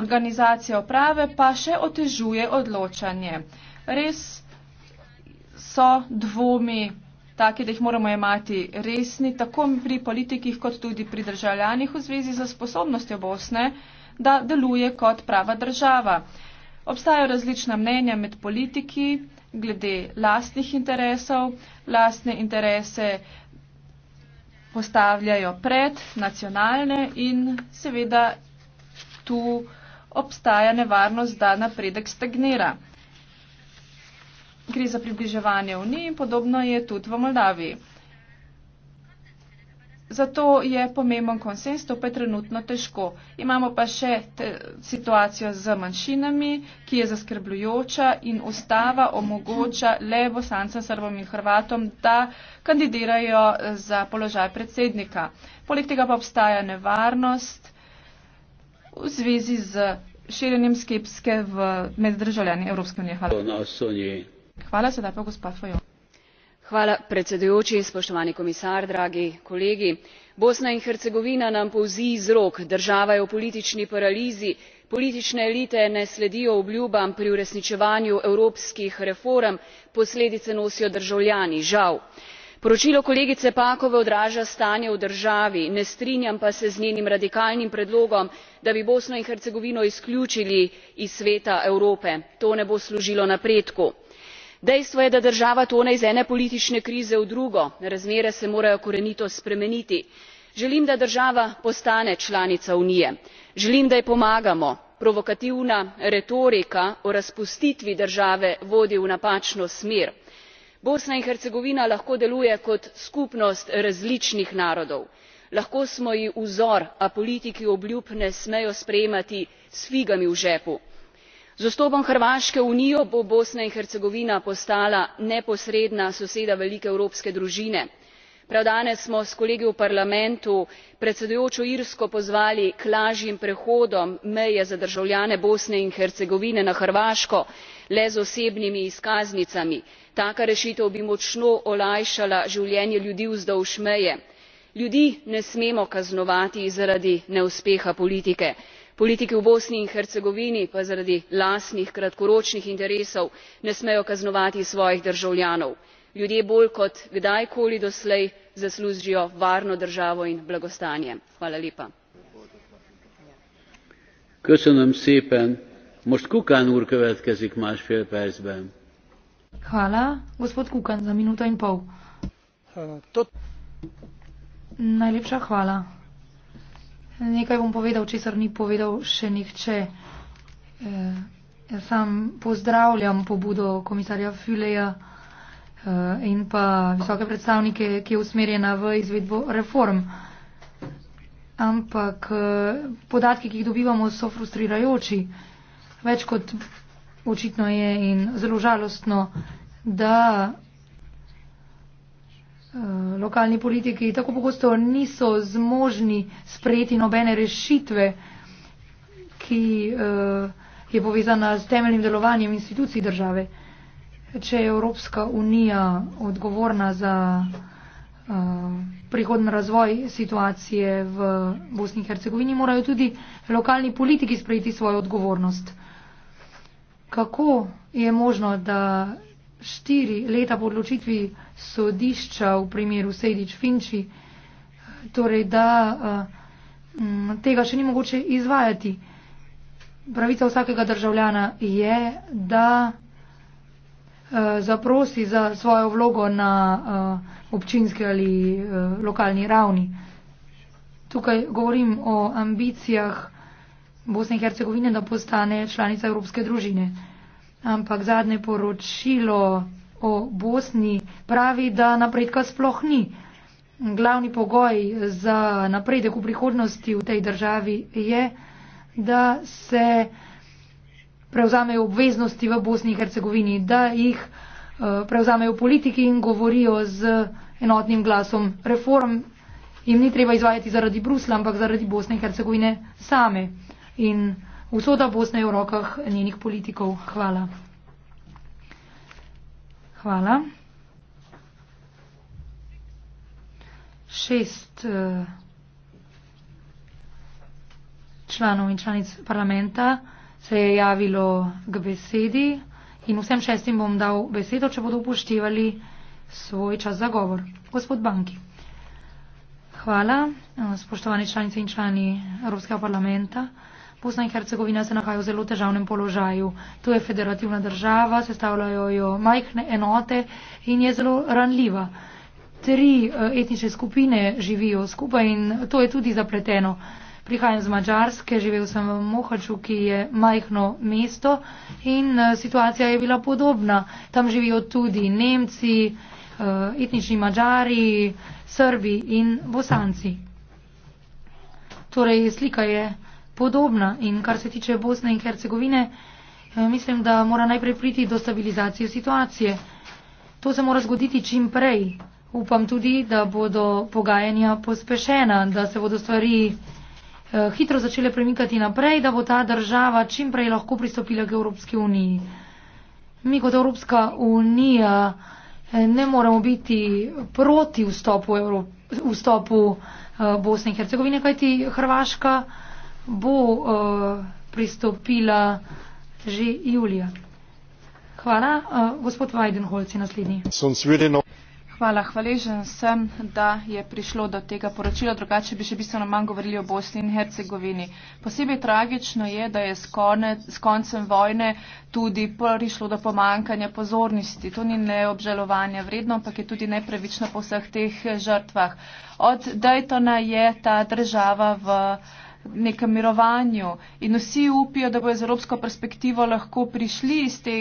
organizacija uprave pa še otežuje odločanje. Res so dvomi taki, da jih moramo imati resni, tako pri politikih kot tudi pri državljanih v zvezi za sposobnostjo Bosne, da deluje kot prava država. Obstajajo različna mnenja med politiki glede lastnih interesov, lastne interese postavljajo pred nacionalne in seveda tu obstaja nevarnost, da napredek stagnira. Gre za približevanje Uniji in podobno je tudi v Moldaviji. Zato je pomemben konsens, to pa je trenutno težko. Imamo pa še te, situacijo z manjšinami, ki je zaskrbljujoča in ustava omogoča le bosancem, srbom in hrvatom, da kandidirajo za položaj predsednika. Poleg tega pa obstaja nevarnost, v zvezi z širjenjem skepske v, med državljani Evropske unije. Hvala. Hvala sedaj pa gospa Fajon. Hvala predsedujoči, spoštovani komisar, dragi kolegi. Bosna in Hercegovina nam povzi iz rok, država je v politični paralizi, politične elite ne sledijo obljubam pri uresničevanju evropskih reform, posledice nosijo državljani, žal poročilo kolegice packove odraža stanje v državi ne strinjam pa se z njenim radikalnim predlogom da bi bosno in hercegovino izključili iz sveta evrope to ne bo služilo napredku. dejstvo je da država tone iz ene politične krize v drugo razmere se morajo korenito spremeniti. želim da država postane članica unije želim da ji pomagamo provokativna retorika o razpustitvi države vodi v napačno smer bosna in hercegovina lahko deluje kot skupnost različnih narodov lahko smo ji vzor a politiki obljub ne smejo sprejemati s figami v žepu. z vstopom hrvaške v unijo bo bosna in hercegovina postala neposredna soseda velike evropske družine. prav danes smo s kolegi v parlamentu predsedujočo irsko pozvali k lažjim prehodom meje za državljane bosne in hercegovine na hrvaško le z osebnimi izkaznicami taka rešitev bi močno olajšala življenje ljudi vzdolž meje. ljudi ne smemo kaznovati zaradi neuspeha politike politiki v bosni in hercegovini pa zaradi lastnih kratkoročnih interesov ne smejo kaznovati svojih državljanov. ljudje bolj kot kdajkoli doslej zaslužijo varno državo in blagostanje. Hvala, gospod Kukan, za minuto in pol. To... Najlepša hvala. Nekaj bom povedal, česar ni povedal še nihče. E, sam pozdravljam pobudo komisarja Füleja e, eh, in pa visoke predstavnike, ki je usmerjena v izvedbo reform. Ampak e, podatki, ki jih dobivamo, so frustrirajoči. Več kot očitno je in zelo žalostno, da eh, lokalni politiki tako pogosto niso zmožni sprejeti nobene rešitve, ki eh, je povezana s temeljnim delovanjem institucij države. Če je Evropska unija odgovorna za uh, eh, prihodni razvoj situacije v Bosni in Hercegovini, morajo tudi lokalni politiki sprejeti svojo odgovornost. Uh, kako je možno, da štiri leta po odločitvi sodišča v primeru Sejdič Finči, torej da eh, tega še ni mogoče izvajati. Pravica vsakega državljana je, da eh, zaprosi za svojo vlogo na eh, občinski ali lokalni ravni. Tukaj govorim o ambicijah, Bosne in Hercegovine, da postane članica Evropske družine. Ampak zadnje poročilo o Bosni pravi, da napredka sploh ni. Glavni pogoj za napredek v prihodnosti v tej državi je, da se prevzamejo obveznosti v Bosni in Hercegovini, da jih eh, prevzamejo politiki in govorijo z enotnim glasom. Reform jim ni treba izvajati zaradi Brusla, ampak zaradi Bosne in Hercegovine same in usoda Bosne je v rokah njenih politikov. Hvala. Hvala. Šest eh, članov in članic parlamenta se je javilo k besedi in vsem šestim bom dal besedo, če bodo upoštevali svoj čas za govor. Gospod Banki. Hvala, eh, spoštovani članice in člani Evropskega parlamenta. Bosna in Hercegovina se nahaja v zelo težavnem položaju. To je federativna država, sestavljajo jo majhne enote in je zelo ranljiva. Tri eh, etnične skupine živijo skupaj in to je tudi zapleteno. Prihajam z Mačarske, živel sem v Mohaču, ki je majhno mesto in eh, situacija je bila podobna. Tam živijo tudi Nemci, eh, etnični Mačari, Srbi in Bosanci. Torej, slika je podobna. In kar se tiče Bosne in Hercegovine, eh, mislim, da mora najprej priti do stabilizacije situacije. To se mora zgoditi čim prej. Upam tudi, da bodo pogajanja pospešena, da se bodo stvari eh, hitro začele premikati naprej, da bo ta država čim prej lahko pristopila k Evropski uniji. Mi kot Evropska unija eh, ne moremo biti proti vstopu, Evrop vstopu Bosne in Hercegovine, kajti Hrvaška bo uh, pristopila že julija. Hvala. Uh, gospod Weidenholz je naslednji. Hvala. Hvaležen sem, da je prišlo do tega poročila. Drugače bi še bistveno manj govorili o Bosni in Hercegovini. Posebej tragično je, da je s, kone, s koncem vojne tudi prišlo do pomankanja pozornosti. To ni le obžalovanje vredno, ampak je tudi nepravično po vseh teh žrtvah. Od Daytona je ta država v nekem mirovanju in vsi upijo, da bo iz evropsko perspektivo lahko prišli iz te,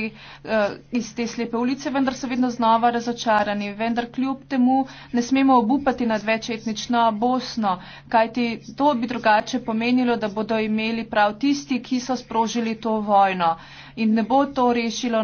eh, iz te slepe ulice, vendar so vedno znova razočarani. Vendar kljub temu ne smemo obupati nad večetnično Bosno, kajti to bi drugače pomenilo, da bodo imeli prav tisti, ki so sprožili to vojno in ne bo to rešilo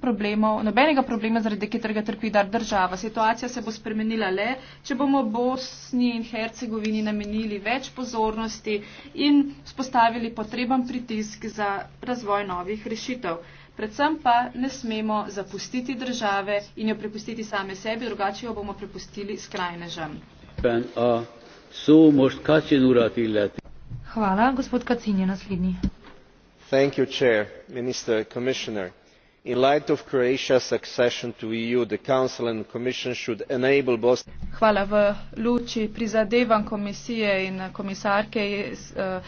problemov, nobenega problema, zaradi katerega trpi dar država. Situacija se bo spremenila le, če bomo Bosni in Hercegovini namenili več pozornosti in spostavili potreben pritisk za razvoj novih rešitev. Predvsem pa ne smemo zapustiti države in jo prepustiti same sebi, drugače jo bomo prepustili skrajnežem. Hvala, gospod Kacin je naslednji minister commissioner in light of croatia's accession to the eu the council and commission should enable bosnia. v luči prizadevanj komisije in komisarke eh,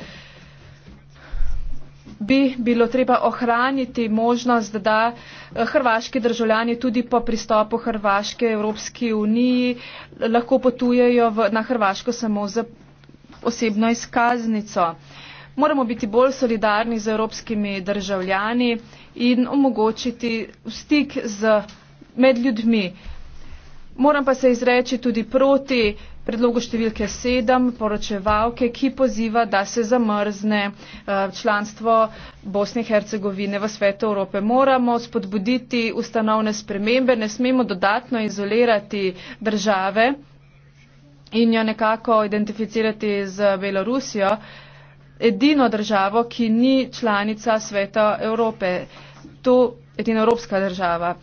bi bilo treba ohraniti možnost da eh, hrvaški državljani tudi po pristopu hrvaške evropski uniji eh, lahko potujejo na hrvaško samo z osebno izkaznico moramo biti bolj solidarni z evropskimi državljani in omogočiti stik z, med ljudmi. Moram pa se izreči tudi proti predlogu številke 7 poročevalke, ki poziva, da se zamrzne eh, članstvo Bosne in Hercegovine v svetu Evrope. Moramo spodbuditi ustanovne spremembe, ne smemo dodatno izolirati države in jo nekako identificirati z Belorusijo edino državo, ki ni članica sveta Evrope. To je edina evropska država.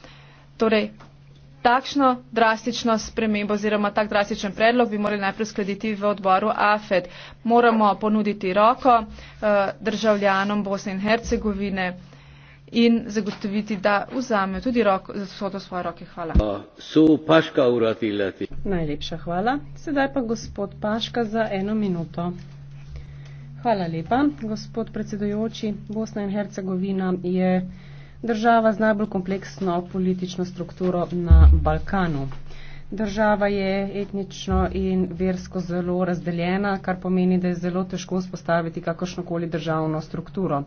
Torej, takšno drastično spremembo oziroma tak drastičen predlog bi morali najprej skladiti v odboru AFED. Moramo ponuditi roko eh, državljanom Bosne in Hercegovine in zagotoviti, da vzame tudi roko za vso to svoje roke. Hvala. Najlepša hvala. Sedaj pa gospod Paška za eno minuto. Hvala lepa, gospod predsedujoči. Bosna in Hercegovina je država z najbolj kompleksno politično strukturo na Balkanu. Država je etnično in versko zelo razdeljena, kar pomeni, da je zelo težko spostaviti kakršnokoli državno strukturo.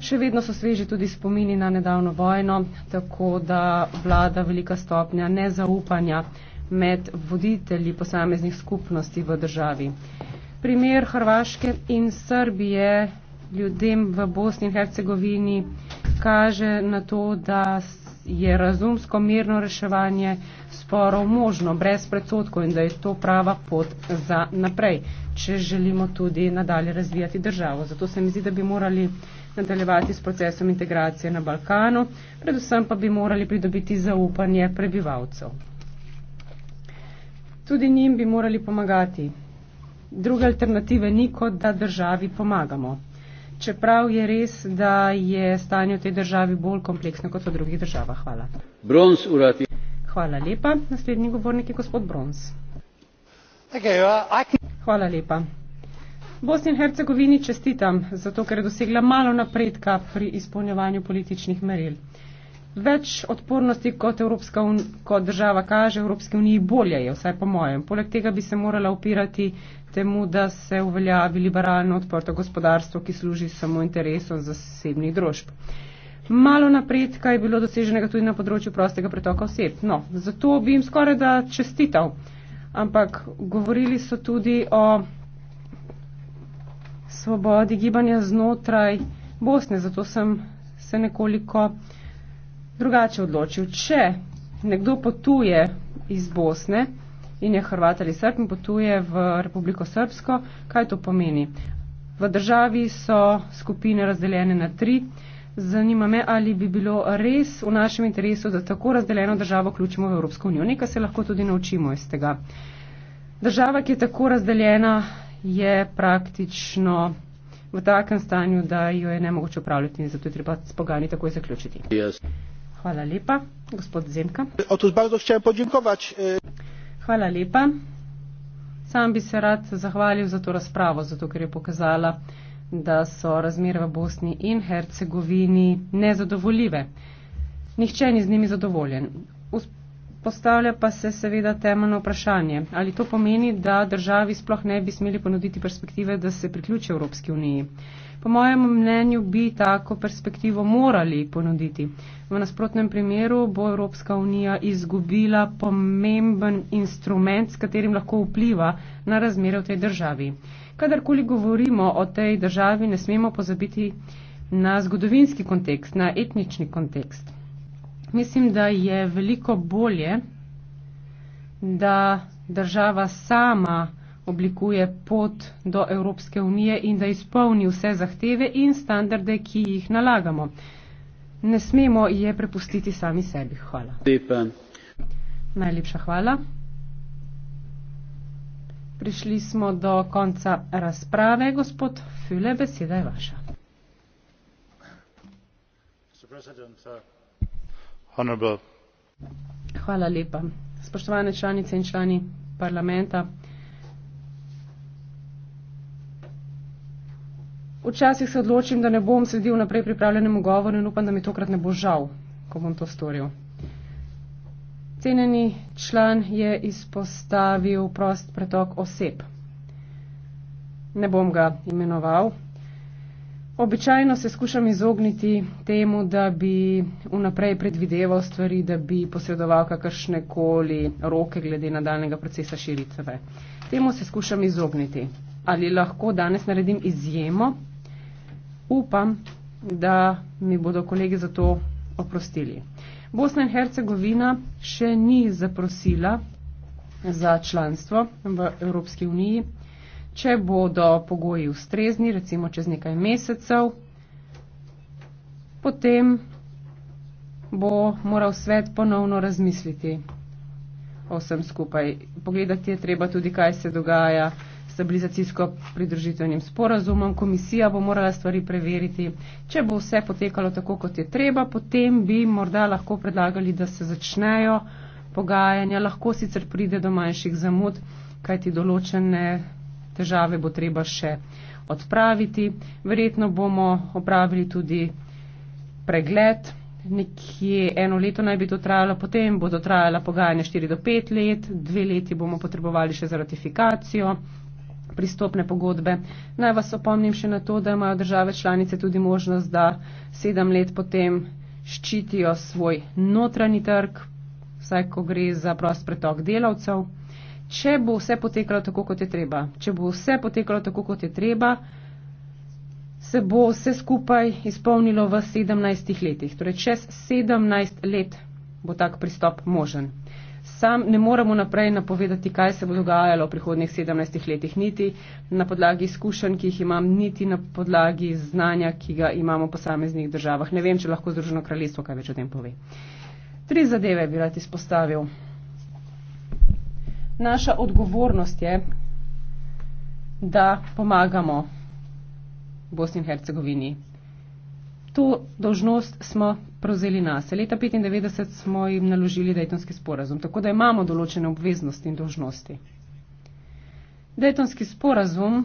Še vedno so sveži tudi spomini na nedavno vojno, tako da vlada velika stopnja nezaupanja med voditelji posameznih skupnosti v državi primer Hrvaške in Srbije ljudem v Bosni in Hercegovini kaže na to, da je razumsko mirno reševanje sporov možno, brez predsotkov in da je to prava pot za naprej, če želimo tudi nadalje razvijati državo. Zato se mi zdi, da bi morali nadaljevati s procesom integracije na Balkanu, predvsem pa bi morali pridobiti zaupanje prebivalcev. Tudi njim bi morali pomagati druge alternative ni, kot da državi pomagamo. Čeprav je res, da je stanje v tej državi bolj kompleksno kot v drugih državah. Hvala. Bronz, urati. Hvala lepa. Naslednji govornik je gospod Bronz. Hvala lepa. Bosni in Hercegovini čestitam, zato ker je dosegla malo napredka pri izpolnjevanju političnih meril več odpornosti kot, Evropska un, kot država kaže, Evropske unije bolje je, vsaj po mojem. Poleg tega bi se morala upirati temu, da se uveljavi liberalno odprto gospodarstvo, ki služi samo interesom zasebnih družb. Malo napredka je bilo doseženega tudi na področju prostega pretoka oseb. No, zato bi jim skoraj da čestital. Ampak govorili so tudi o svobodi gibanja znotraj Bosne, zato sem se nekoliko drugače odločil. Če nekdo potuje iz Bosne in je Hrvat ali Srb in potuje v Republiko Srbsko, kaj to pomeni? V državi so skupine razdeljene na tri. Zanima me, ali bi bilo res v našem interesu, da tako razdeljeno državo vključimo v Evropsko unijo. Nekaj se lahko tudi naučimo iz tega. Država, ki je tako razdeljena, je praktično v takem stanju, da jo je nemogoče upravljati in zato je treba spogajanje takoj zaključiti. Yes. Hvala lepa, gospod Zemka. Otus, bardzo chciałem podziękować. E, Hvala lepa. Sam bi se rad zahvalil za to razpravo, zato ker je pokazala, da so razmere v Bosni in Hercegovini nezadovoljive. Nihče ni z njimi zadovoljen. Usp postavlja pa se seveda temeljno vprašanje, ali to pomeni, da državi sploh ne bi smeli ponuditi perspektive, da se priključi Evropski uniji. Po mojem mnenju bi tako perspektivo morali ponuditi. V nasprotnem primeru bo Evropska unija izgubila pomemben instrument, s katerim lahko vpliva na razmere v tej državi. Kadarkoli govorimo o tej državi, ne smemo pozabiti na zgodovinski kontekst, na etnični kontekst mislim, da je veliko bolje, da država sama oblikuje pot do Evropske unije in da izpolni vse zahteve in standarde, ki jih nalagamo. Ne smemo je prepustiti sami sebi. Hvala. Lepa. Najlepša hvala. Prišli smo do konca razprave. Gospod Füle, beseda je vaša. Mr. President, uh... Hvala lepa. Spoštovane članice in člani parlamenta. Včasih se odločim, da ne bom sedil naprej pripravljenemu govoru in upam, da mi tokrat ne bo žal, ko bom to storil. Cenjeni član je izpostavil prost pretok oseb. Ne bom ga imenoval, Običajno se skušam izogniti temu, da bi vnaprej predvideval stvari, da bi posredoval kakršne koli roke glede nadaljnega procesa širitve. Temu se skušam izogniti. Ali lahko danes naredim izjemo? Upam, da mi bodo kolegi za to oprostili. Bosna in Hercegovina še ni zaprosila za članstvo v Evropski uniji, če bodo pogoji ustrezni, recimo čez nekaj mesecev, potem bo moral svet ponovno razmisliti o vsem skupaj. Pogledati je treba tudi, kaj se dogaja stabilizacijsko pridružitvenim sporazumom. Komisija bo morala stvari preveriti. Če bo vse potekalo tako, kot je treba, potem bi morda lahko predlagali, da se začnejo pogajanja. Lahko sicer pride do manjših zamud, kajti določene težave bo treba še odpraviti. Verjetno bomo opravili tudi pregled, nekje eno leto naj bi to trajalo, potem bo to trajala pogajanja 4 do 5 let, dve leti bomo potrebovali še za ratifikacijo pristopne pogodbe. Naj vas opomnim še na to, da imajo države članice tudi možnost, da sedem let potem ščitijo svoj notranji trg, vsaj ko gre za prost pretok delavcev če bo vse potekalo tako, kot je treba. Če bo vse potekalo tako, kot je treba, se bo vse skupaj izpolnilo v 17 letih. Torej, čez 17 let bo tak pristop možen. Sam ne moremo naprej napovedati, kaj se bo dogajalo v prihodnih 17 letih, niti na podlagi izkušenj, ki jih imam, niti na podlagi znanja, ki ga imamo v posameznih državah. Ne vem, če lahko Združeno kraljestvo kaj več o tem pove. Tri zadeve bi rad izpostavil naša odgovornost je, da pomagamo Bosni in Hercegovini. To dožnost smo prevzeli nas. Leta 1995 smo jim naložili Dejtonski sporazum, tako da imamo določene obveznosti in dožnosti. Dejtonski sporazum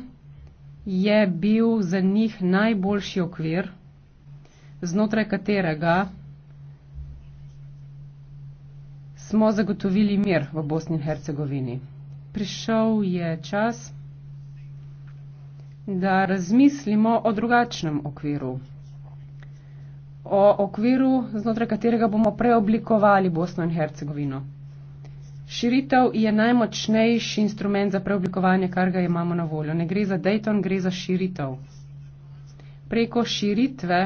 je bil za njih najboljši okvir, znotraj katerega smo zagotovili mir v Bosni in Hercegovini. Prišel je čas, da razmislimo o drugačnem okviru. O okviru, znotraj katerega bomo preoblikovali Bosno in Hercegovino. Širitev je najmočnejši instrument za preoblikovanje, kar ga imamo na voljo. Ne gre za Dayton, gre za širitev. Preko širitve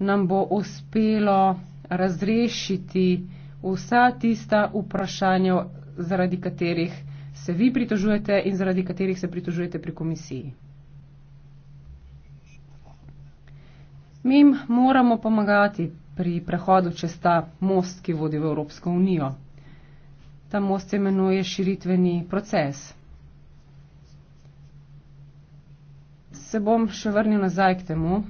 nam bo uspelo razrešiti vsa tista vprašanja, zaradi katerih se vi pritožujete in zaradi katerih se pritožujete pri komisiji. Mi jim moramo pomagati pri prehodu čez ta most, ki vodi v Evropsko unijo. Ta most se imenuje širitveni proces. Se bom še vrnil nazaj k temu.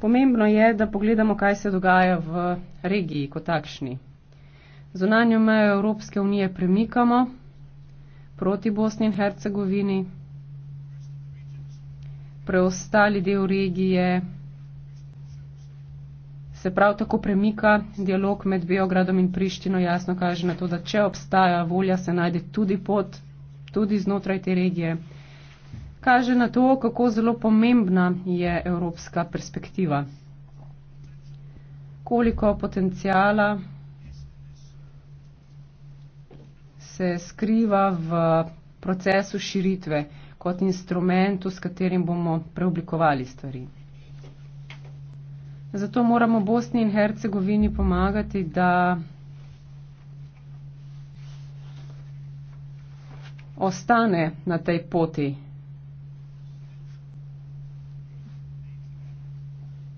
Pomembno je, da pogledamo, kaj se dogaja v regiji kot takšni. Zunanjo mejo Evropske unije premikamo proti Bosni in Hercegovini, preostali del regije se prav tako premika, dialog med Beogradom in Prištino jasno kaže na to, da če obstaja volja, se najde tudi pot, tudi znotraj te regije kaže na to, kako zelo pomembna je evropska perspektiva. Koliko potencijala se skriva v procesu širitve kot instrumentu, s katerim bomo preoblikovali stvari. Zato moramo Bosni in Hercegovini pomagati, da ostane na tej poti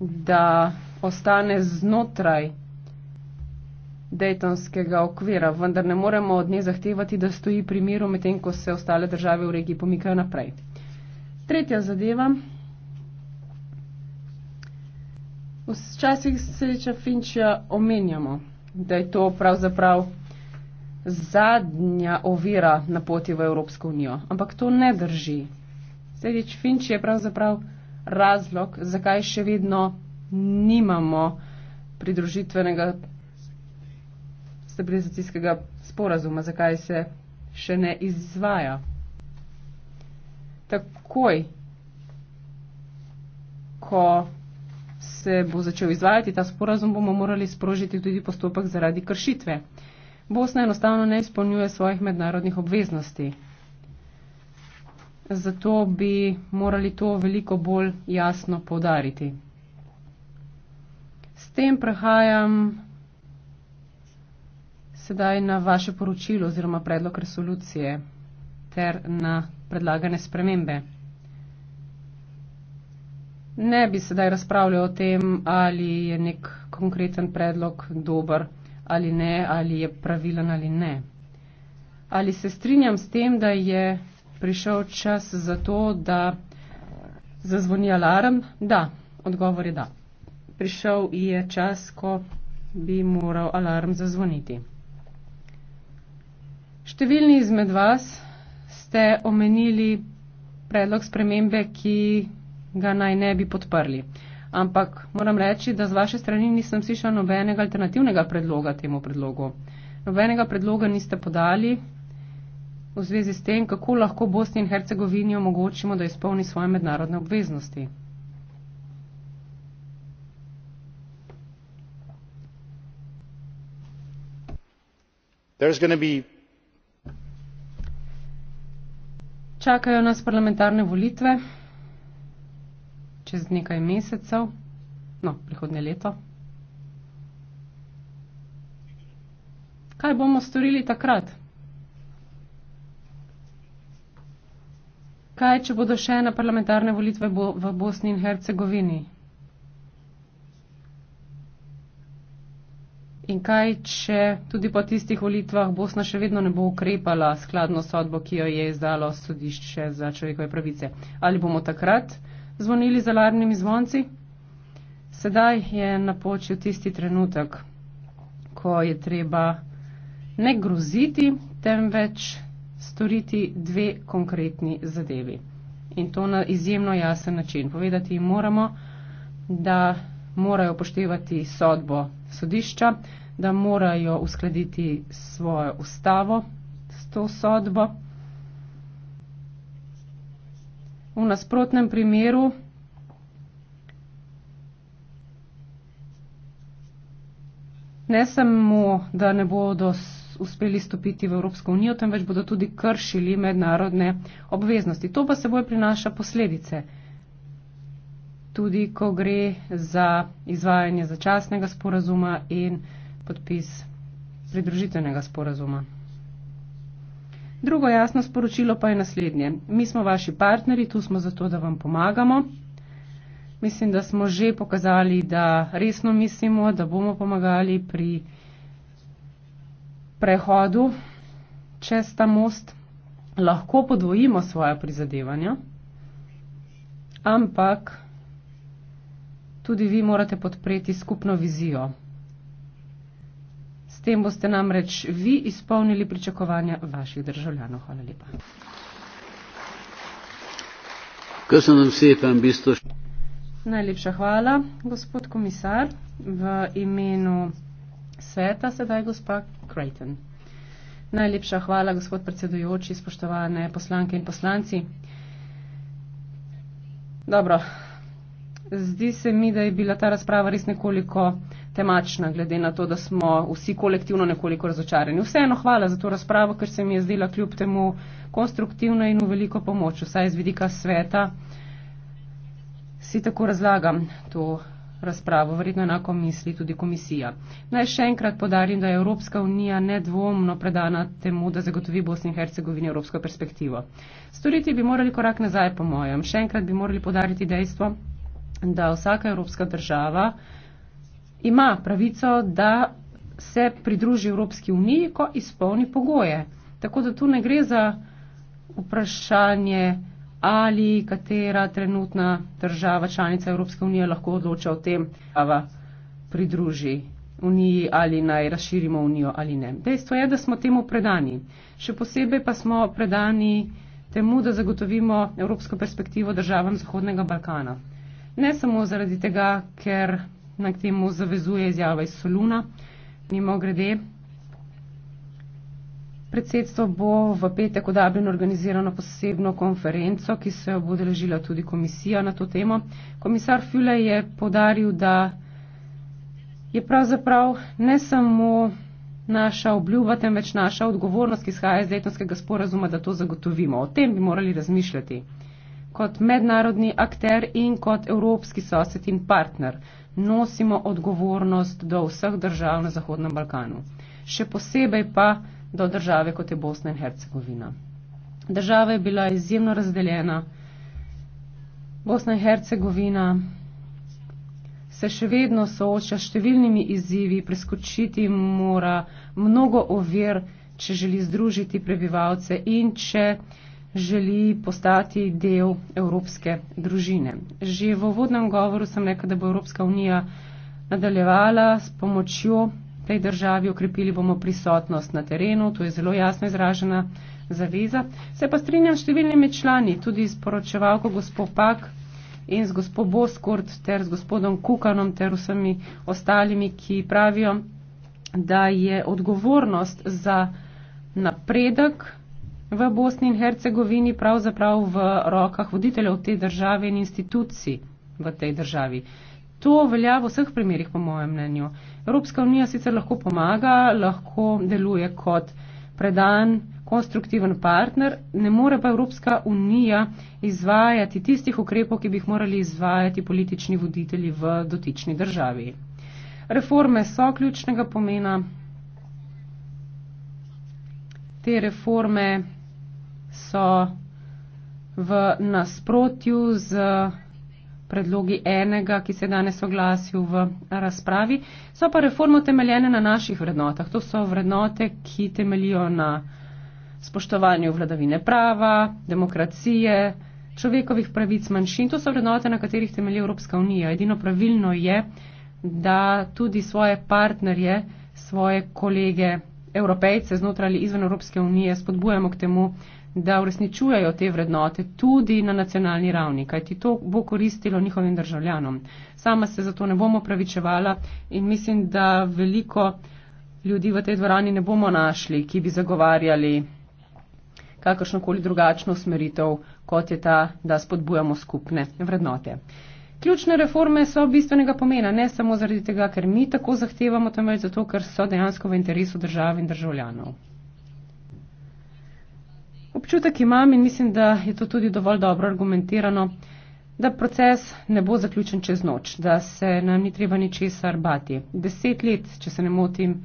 da ostane znotraj dejtonskega okvira, vendar ne moremo od nje zahtevati, da stoji pri miru, medtem ko se ostale države v regiji pomikajo naprej. Tretja zadeva. Včasih se reče Finčja omenjamo, da je to pravzaprav zadnja ovira na poti v Evropsko unijo, ampak to ne drži. Sedič Finč je pravzaprav zaprav razlog, zakaj še vedno nimamo pridružitvenega stabilizacijskega sporazuma, zakaj se še ne izvaja. Takoj, ko se bo začel izvajati ta sporazum, bomo morali sprožiti tudi postopek zaradi kršitve. Bosna enostavno ne izpolnjuje svojih mednarodnih obveznosti. Zato bi morali to veliko bolj jasno povdariti. S tem prehajam sedaj na vaše poročilo oziroma predlog resolucije ter na predlagane spremembe. Ne bi sedaj razpravljal o tem, ali je nek konkreten predlog dober ali ne, ali je pravilen ali ne. Ali se strinjam s tem, da je prišel čas za to, da zazvoni alarm? Da, odgovor je da. Prišel je čas, ko bi moral alarm zazvoniti. Številni izmed vas ste omenili predlog spremembe, ki ga naj ne bi podprli. Ampak moram reči, da z vaše strani nisem slišal nobenega alternativnega predloga temu predlogu. Nobenega predloga niste podali, v zvezi s tem, kako lahko Bosni in Hercegovini omogočimo, da izpolni svoje mednarodne obveznosti. Čakajo nas parlamentarne volitve čez nekaj mesecev, no, prihodne leto. Kaj bomo storili takrat? Kaj, če bodo še na parlamentarne volitve bo v Bosni in Hercegovini? In kaj, če tudi po tistih volitvah Bosna še vedno ne bo ukrepala skladno sodbo, ki jo je izdalo sodišče za človekove pravice? Ali bomo takrat zvonili z alarmnimi zvonci? Sedaj je napočil tisti trenutek, ko je treba ne groziti, temveč storiti dve konkretni zadevi. In to na izjemno jasen način. Povedati jim moramo, da morajo poštevati sodbo sodišča, da morajo uskladiti svojo ustavo s to sodbo. V nasprotnem primeru ne samo, da ne bodo uspeli stopiti v Evropsko unijo, temveč bodo tudi kršili mednarodne obveznosti. To pa seboj prinaša posledice. Tudi, ko gre za izvajanje začasnega sporazuma in podpis pridružitvenega sporazuma. Drugo jasno sporočilo pa je naslednje. Mi smo vaši partneri, tu smo zato, da vam pomagamo. Mislim, da smo že pokazali, da resno mislimo, da bomo pomagali pri prehodu čez ta most lahko podvojimo svoja prizadevanja, ampak tudi vi morate podpreti skupno vizijo. S tem boste namreč vi izpolnili pričakovanja vaših državljanov. Hvala lepa. Najlepša hvala, gospod komisar, v imenu sveta, sedaj gospa Creighton. Najlepša hvala, gospod predsedujoči, spoštovane poslanke in poslanci. Dobro, zdi se mi, da je bila ta razprava res nekoliko temačna, glede na to, da smo vsi kolektivno nekoliko razočarani. Vseeno hvala za to razpravo, ker se mi je zdela kljub temu konstruktivna in v veliko pomoč, vsaj z vidika sveta. Si tako razlagam to razpravo, verjetno enako misli tudi komisija. Naj še enkrat podarim, da je Evropska unija nedvomno predana temu, da zagotovi Bosni in Hercegovini evropsko perspektivo. Storiti bi morali korak nazaj, po mojem. Še enkrat bi morali podariti dejstvo, da vsaka evropska država ima pravico, da se pridruži Evropski uniji, ko izpolni pogoje. Tako da tu ne gre za vprašanje, ali katera trenutna država članica Evropske unije lahko odloča o tem, da se pridruži uniji ali naj razširimo unijo ali ne. Dejstvo je, da smo temu predani. Še posebej pa smo predani temu, da zagotovimo evropsko perspektivo državam Zahodnega Balkana. Ne samo zaradi tega, ker nam temu zavezuje izjava iz Soluna, mimo grede, Predsedstvo bo v petek v Dublinu organizirano posebno konferenco, ki se jo bo deležila tudi komisija na to temo. Komisar Füle je podaril, da je pravzaprav ne samo naša obljuba, temveč naša odgovornost, ki izhaja iz etnskega sporazuma, da to zagotovimo. O tem bi morali razmišljati kot mednarodni akter in kot evropski sosed in partner nosimo odgovornost do vseh držav na Zahodnem Balkanu. Še posebej pa do države, kot je Bosna in Hercegovina. Država je bila izjemno razdeljena. Bosna in Hercegovina se še vedno sooča s številnimi izzivi, preskočiti mora mnogo ovir, če želi združiti prebivalce in če želi postati del evropske družine. Že v uvodnem govoru sem rekel, da bo Evropska unija nadaljevala s pomočjo tej državi, okrepili bomo prisotnost na terenu, to je zelo jasno izražena zaveza. Se pa strinjam s številnimi člani, tudi s poročevalko gospod Pak in z gospod Boskurt ter z gospodom Kukanom ter vsemi ostalimi, ki pravijo, da je odgovornost za napredek v Bosni in Hercegovini pravzaprav v rokah voditeljev te države in institucij v tej državi. To velja v vseh primerih, po mojem mnenju. Evropska unija sicer lahko pomaga, lahko deluje kot predan, konstruktiven partner, ne more pa Evropska unija izvajati tistih ukrepov, ki bi jih morali izvajati politični voditelji v dotični državi. Reforme so ključnega pomena. Te reforme so v nasprotju z predlogi enega, ki se je danes oglasil v razpravi. So pa reforme temeljene na naših vrednotah. To so vrednote, ki temelijo na spoštovanju vladavine prava, demokracije, človekovih pravic manjšin. To so vrednote, na katerih temelji Evropska unija. Edino pravilno je, da tudi svoje partnerje, svoje kolege, evropejce znotraj ali izven Evropske unije spodbujamo k temu, da uresničujajo te vrednote tudi na nacionalni ravni, kajti to bo koristilo njihovim državljanom. Sama se zato ne bomo pravičevala in mislim, da veliko ljudi v tej dvorani ne bomo našli, ki bi zagovarjali kakršnokoli drugačno smeritev, kot je ta, da spodbujamo skupne vrednote. Ključne reforme so bistvenega pomena, ne samo zaradi tega, ker mi tako zahtevamo, temveč zato, ker so dejansko v interesu države in državljanov. Občutek imam in mislim, da je to tudi dovolj dobro argumentirano, da proces ne bo zaključen čez noč, da se nam ni treba ničesar bati. Deset let, če se ne motim,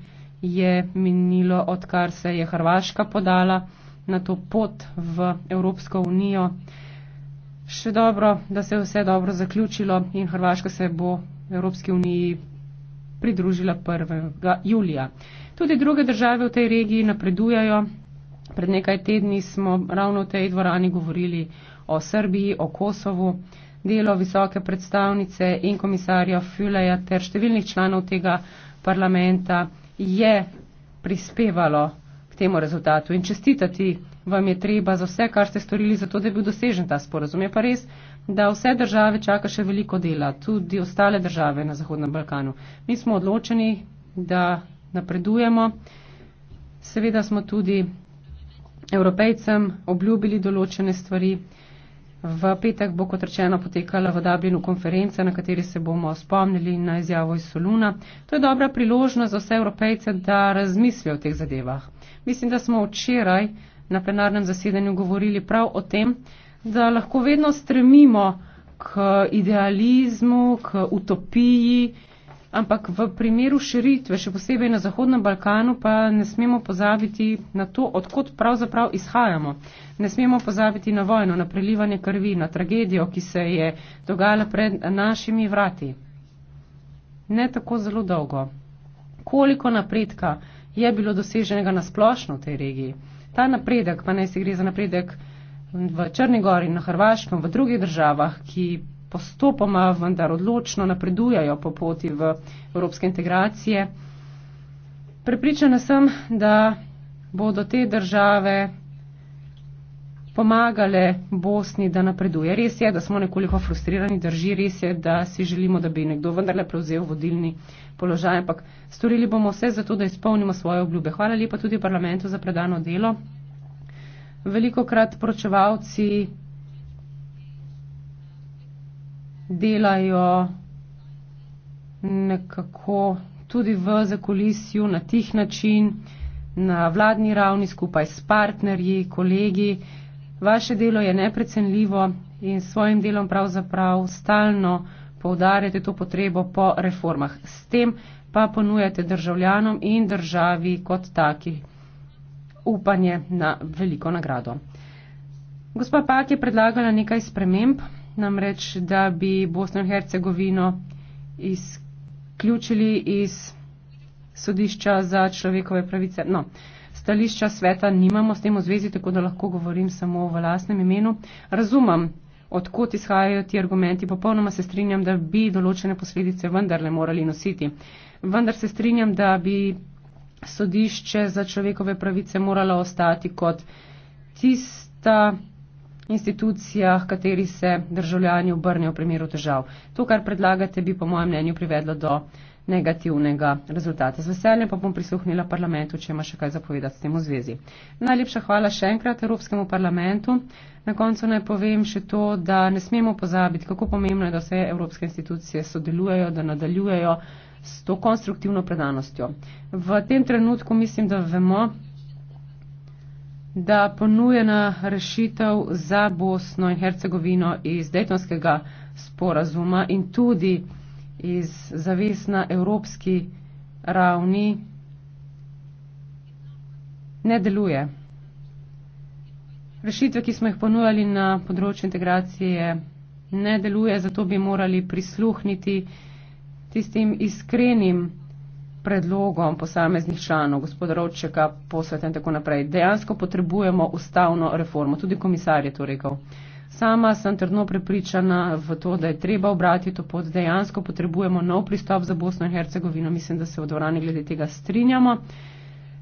je minilo, odkar se je Hrvaška podala na to pot v Evropsko unijo. Še dobro, da se je vse dobro zaključilo in Hrvaška se bo Evropski uniji pridružila 1. julija. Tudi druge države v tej regiji napredujajo, Pred nekaj tedni smo ravno v tej dvorani govorili o Srbiji, o Kosovu. Delo visoke predstavnice in komisarja Füleja ter številnih članov tega parlamenta je prispevalo k temu rezultatu in čestitati vam je treba za vse, kar ste storili, zato da je bil dosežen ta sporozum. Je pa res, da vse države čaka še veliko dela, tudi ostale države na Zahodnem Balkanu. Mi smo odločeni, da napredujemo. Seveda smo tudi evropejcem obljubili določene stvari. V petek bo, kot rečeno, potekala v Dublinu konferenca, na kateri se bomo spomnili na izjavo iz Soluna. To je dobra priložnost za vse evropejce, da razmislijo o teh zadevah. Mislim, da smo včeraj na plenarnem zasedanju govorili prav o tem, da lahko vedno stremimo k idealizmu, k utopiji. Ampak v primeru širitve, še posebej na Zahodnem Balkanu, pa ne smemo pozabiti na to, odkot pravzaprav izhajamo. Ne smemo pozabiti na vojno, na prelivanje krvi, na tragedijo, ki se je dogajala pred našimi vrati. Ne tako zelo dolgo. Koliko napredka je bilo doseženega na splošno v tej regiji? Ta napredek, pa naj se gre za napredek v Črnegori, na Hrvaškem, v drugih državah, ki postopoma, vendar odločno napredujajo po poti v evropske integracije. Prepričana sem, da bodo te države pomagale Bosni, da napreduje. Res je, da smo nekoliko frustrirani, drži, res je, da si želimo, da bi nekdo vendarle prevzel vodilni položaj, ampak storili bomo vse za to, da izpolnimo svoje obljube. Hvala lepa tudi parlamentu za predano delo. Veliko krat poročevalci delajo nekako tudi v zakolisju na tih način, na vladni ravni skupaj s partnerji, kolegi. Vaše delo je neprecenljivo in s svojim delom pravzaprav stalno poudarjate to potrebo po reformah. S tem pa ponujate državljanom in državi kot taki upanje na veliko nagrado. Gospa Pak je predlagala nekaj sprememb namreč, da bi Bosno in Hercegovino izključili iz sodišča za človekove pravice. No, stališča sveta nimamo s tem v zvezi, tako da lahko govorim samo v lasnem imenu. Razumem, odkot izhajajo ti argumenti, popolnoma se strinjam, da bi določene posledice vendarle morali nositi. Vendar se strinjam, da bi sodišče za človekove pravice moralo ostati kot tista institucijah, kateri se državljani obrnejo v primeru težav. To, kar predlagate, bi po mojem mnenju privedlo do negativnega rezultata. Z veseljem pa bom prisluhnila parlamentu, če ima še kaj zapovedati s tem v zvezi. Najlepša hvala še enkrat Evropskemu parlamentu. Na koncu naj povem še to, da ne smemo pozabiti, kako pomembno je, da vse evropske institucije sodelujejo, da nadaljujejo s to konstruktivno predanostjo. V tem trenutku mislim, da vemo, da ponujena rešitev za Bosno in Hercegovino iz Dejtonskega sporazuma in tudi iz zavez na evropski ravni ne deluje. Rešitve, ki smo jih ponujali na področju integracije, ne deluje, zato bi morali prisluhniti tistim iskrenim predlogom posameznih članov, gospoda Rovčeka, posveta in tako naprej. Dejansko potrebujemo ustavno reformo, tudi komisar je to rekel. Sama sem trdno prepričana v to, da je treba obrati to pot, dejansko potrebujemo nov pristop za Bosno in Hercegovino, mislim, da se v dvorani glede tega strinjamo.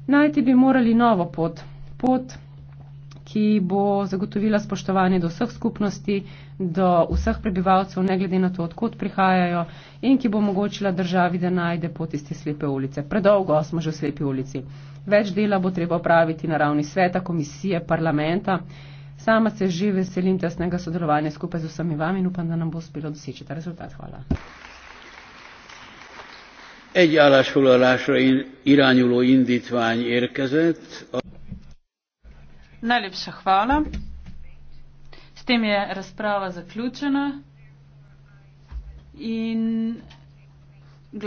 Najti bi morali novo pot, pot ki bo zagotovila spoštovanje do vseh skupnosti, do vseh prebivalcev, ne glede na to, odkot prihajajo in ki bo omogočila državi, da najde pot iz te slepe ulice. Predolgo smo že v slepi ulici. Več dela bo treba opraviti na ravni sveta, komisije, parlamenta. Sama se že veselim tesnega sodelovanja skupaj z vsemi vami in upam, da nam bo uspelo doseči ta rezultat. Hvala. Egy állásfoglalásra irányuló indítvány érkezett. A... Najlepša hvala. S tem je razprava zaključena in glasovanje.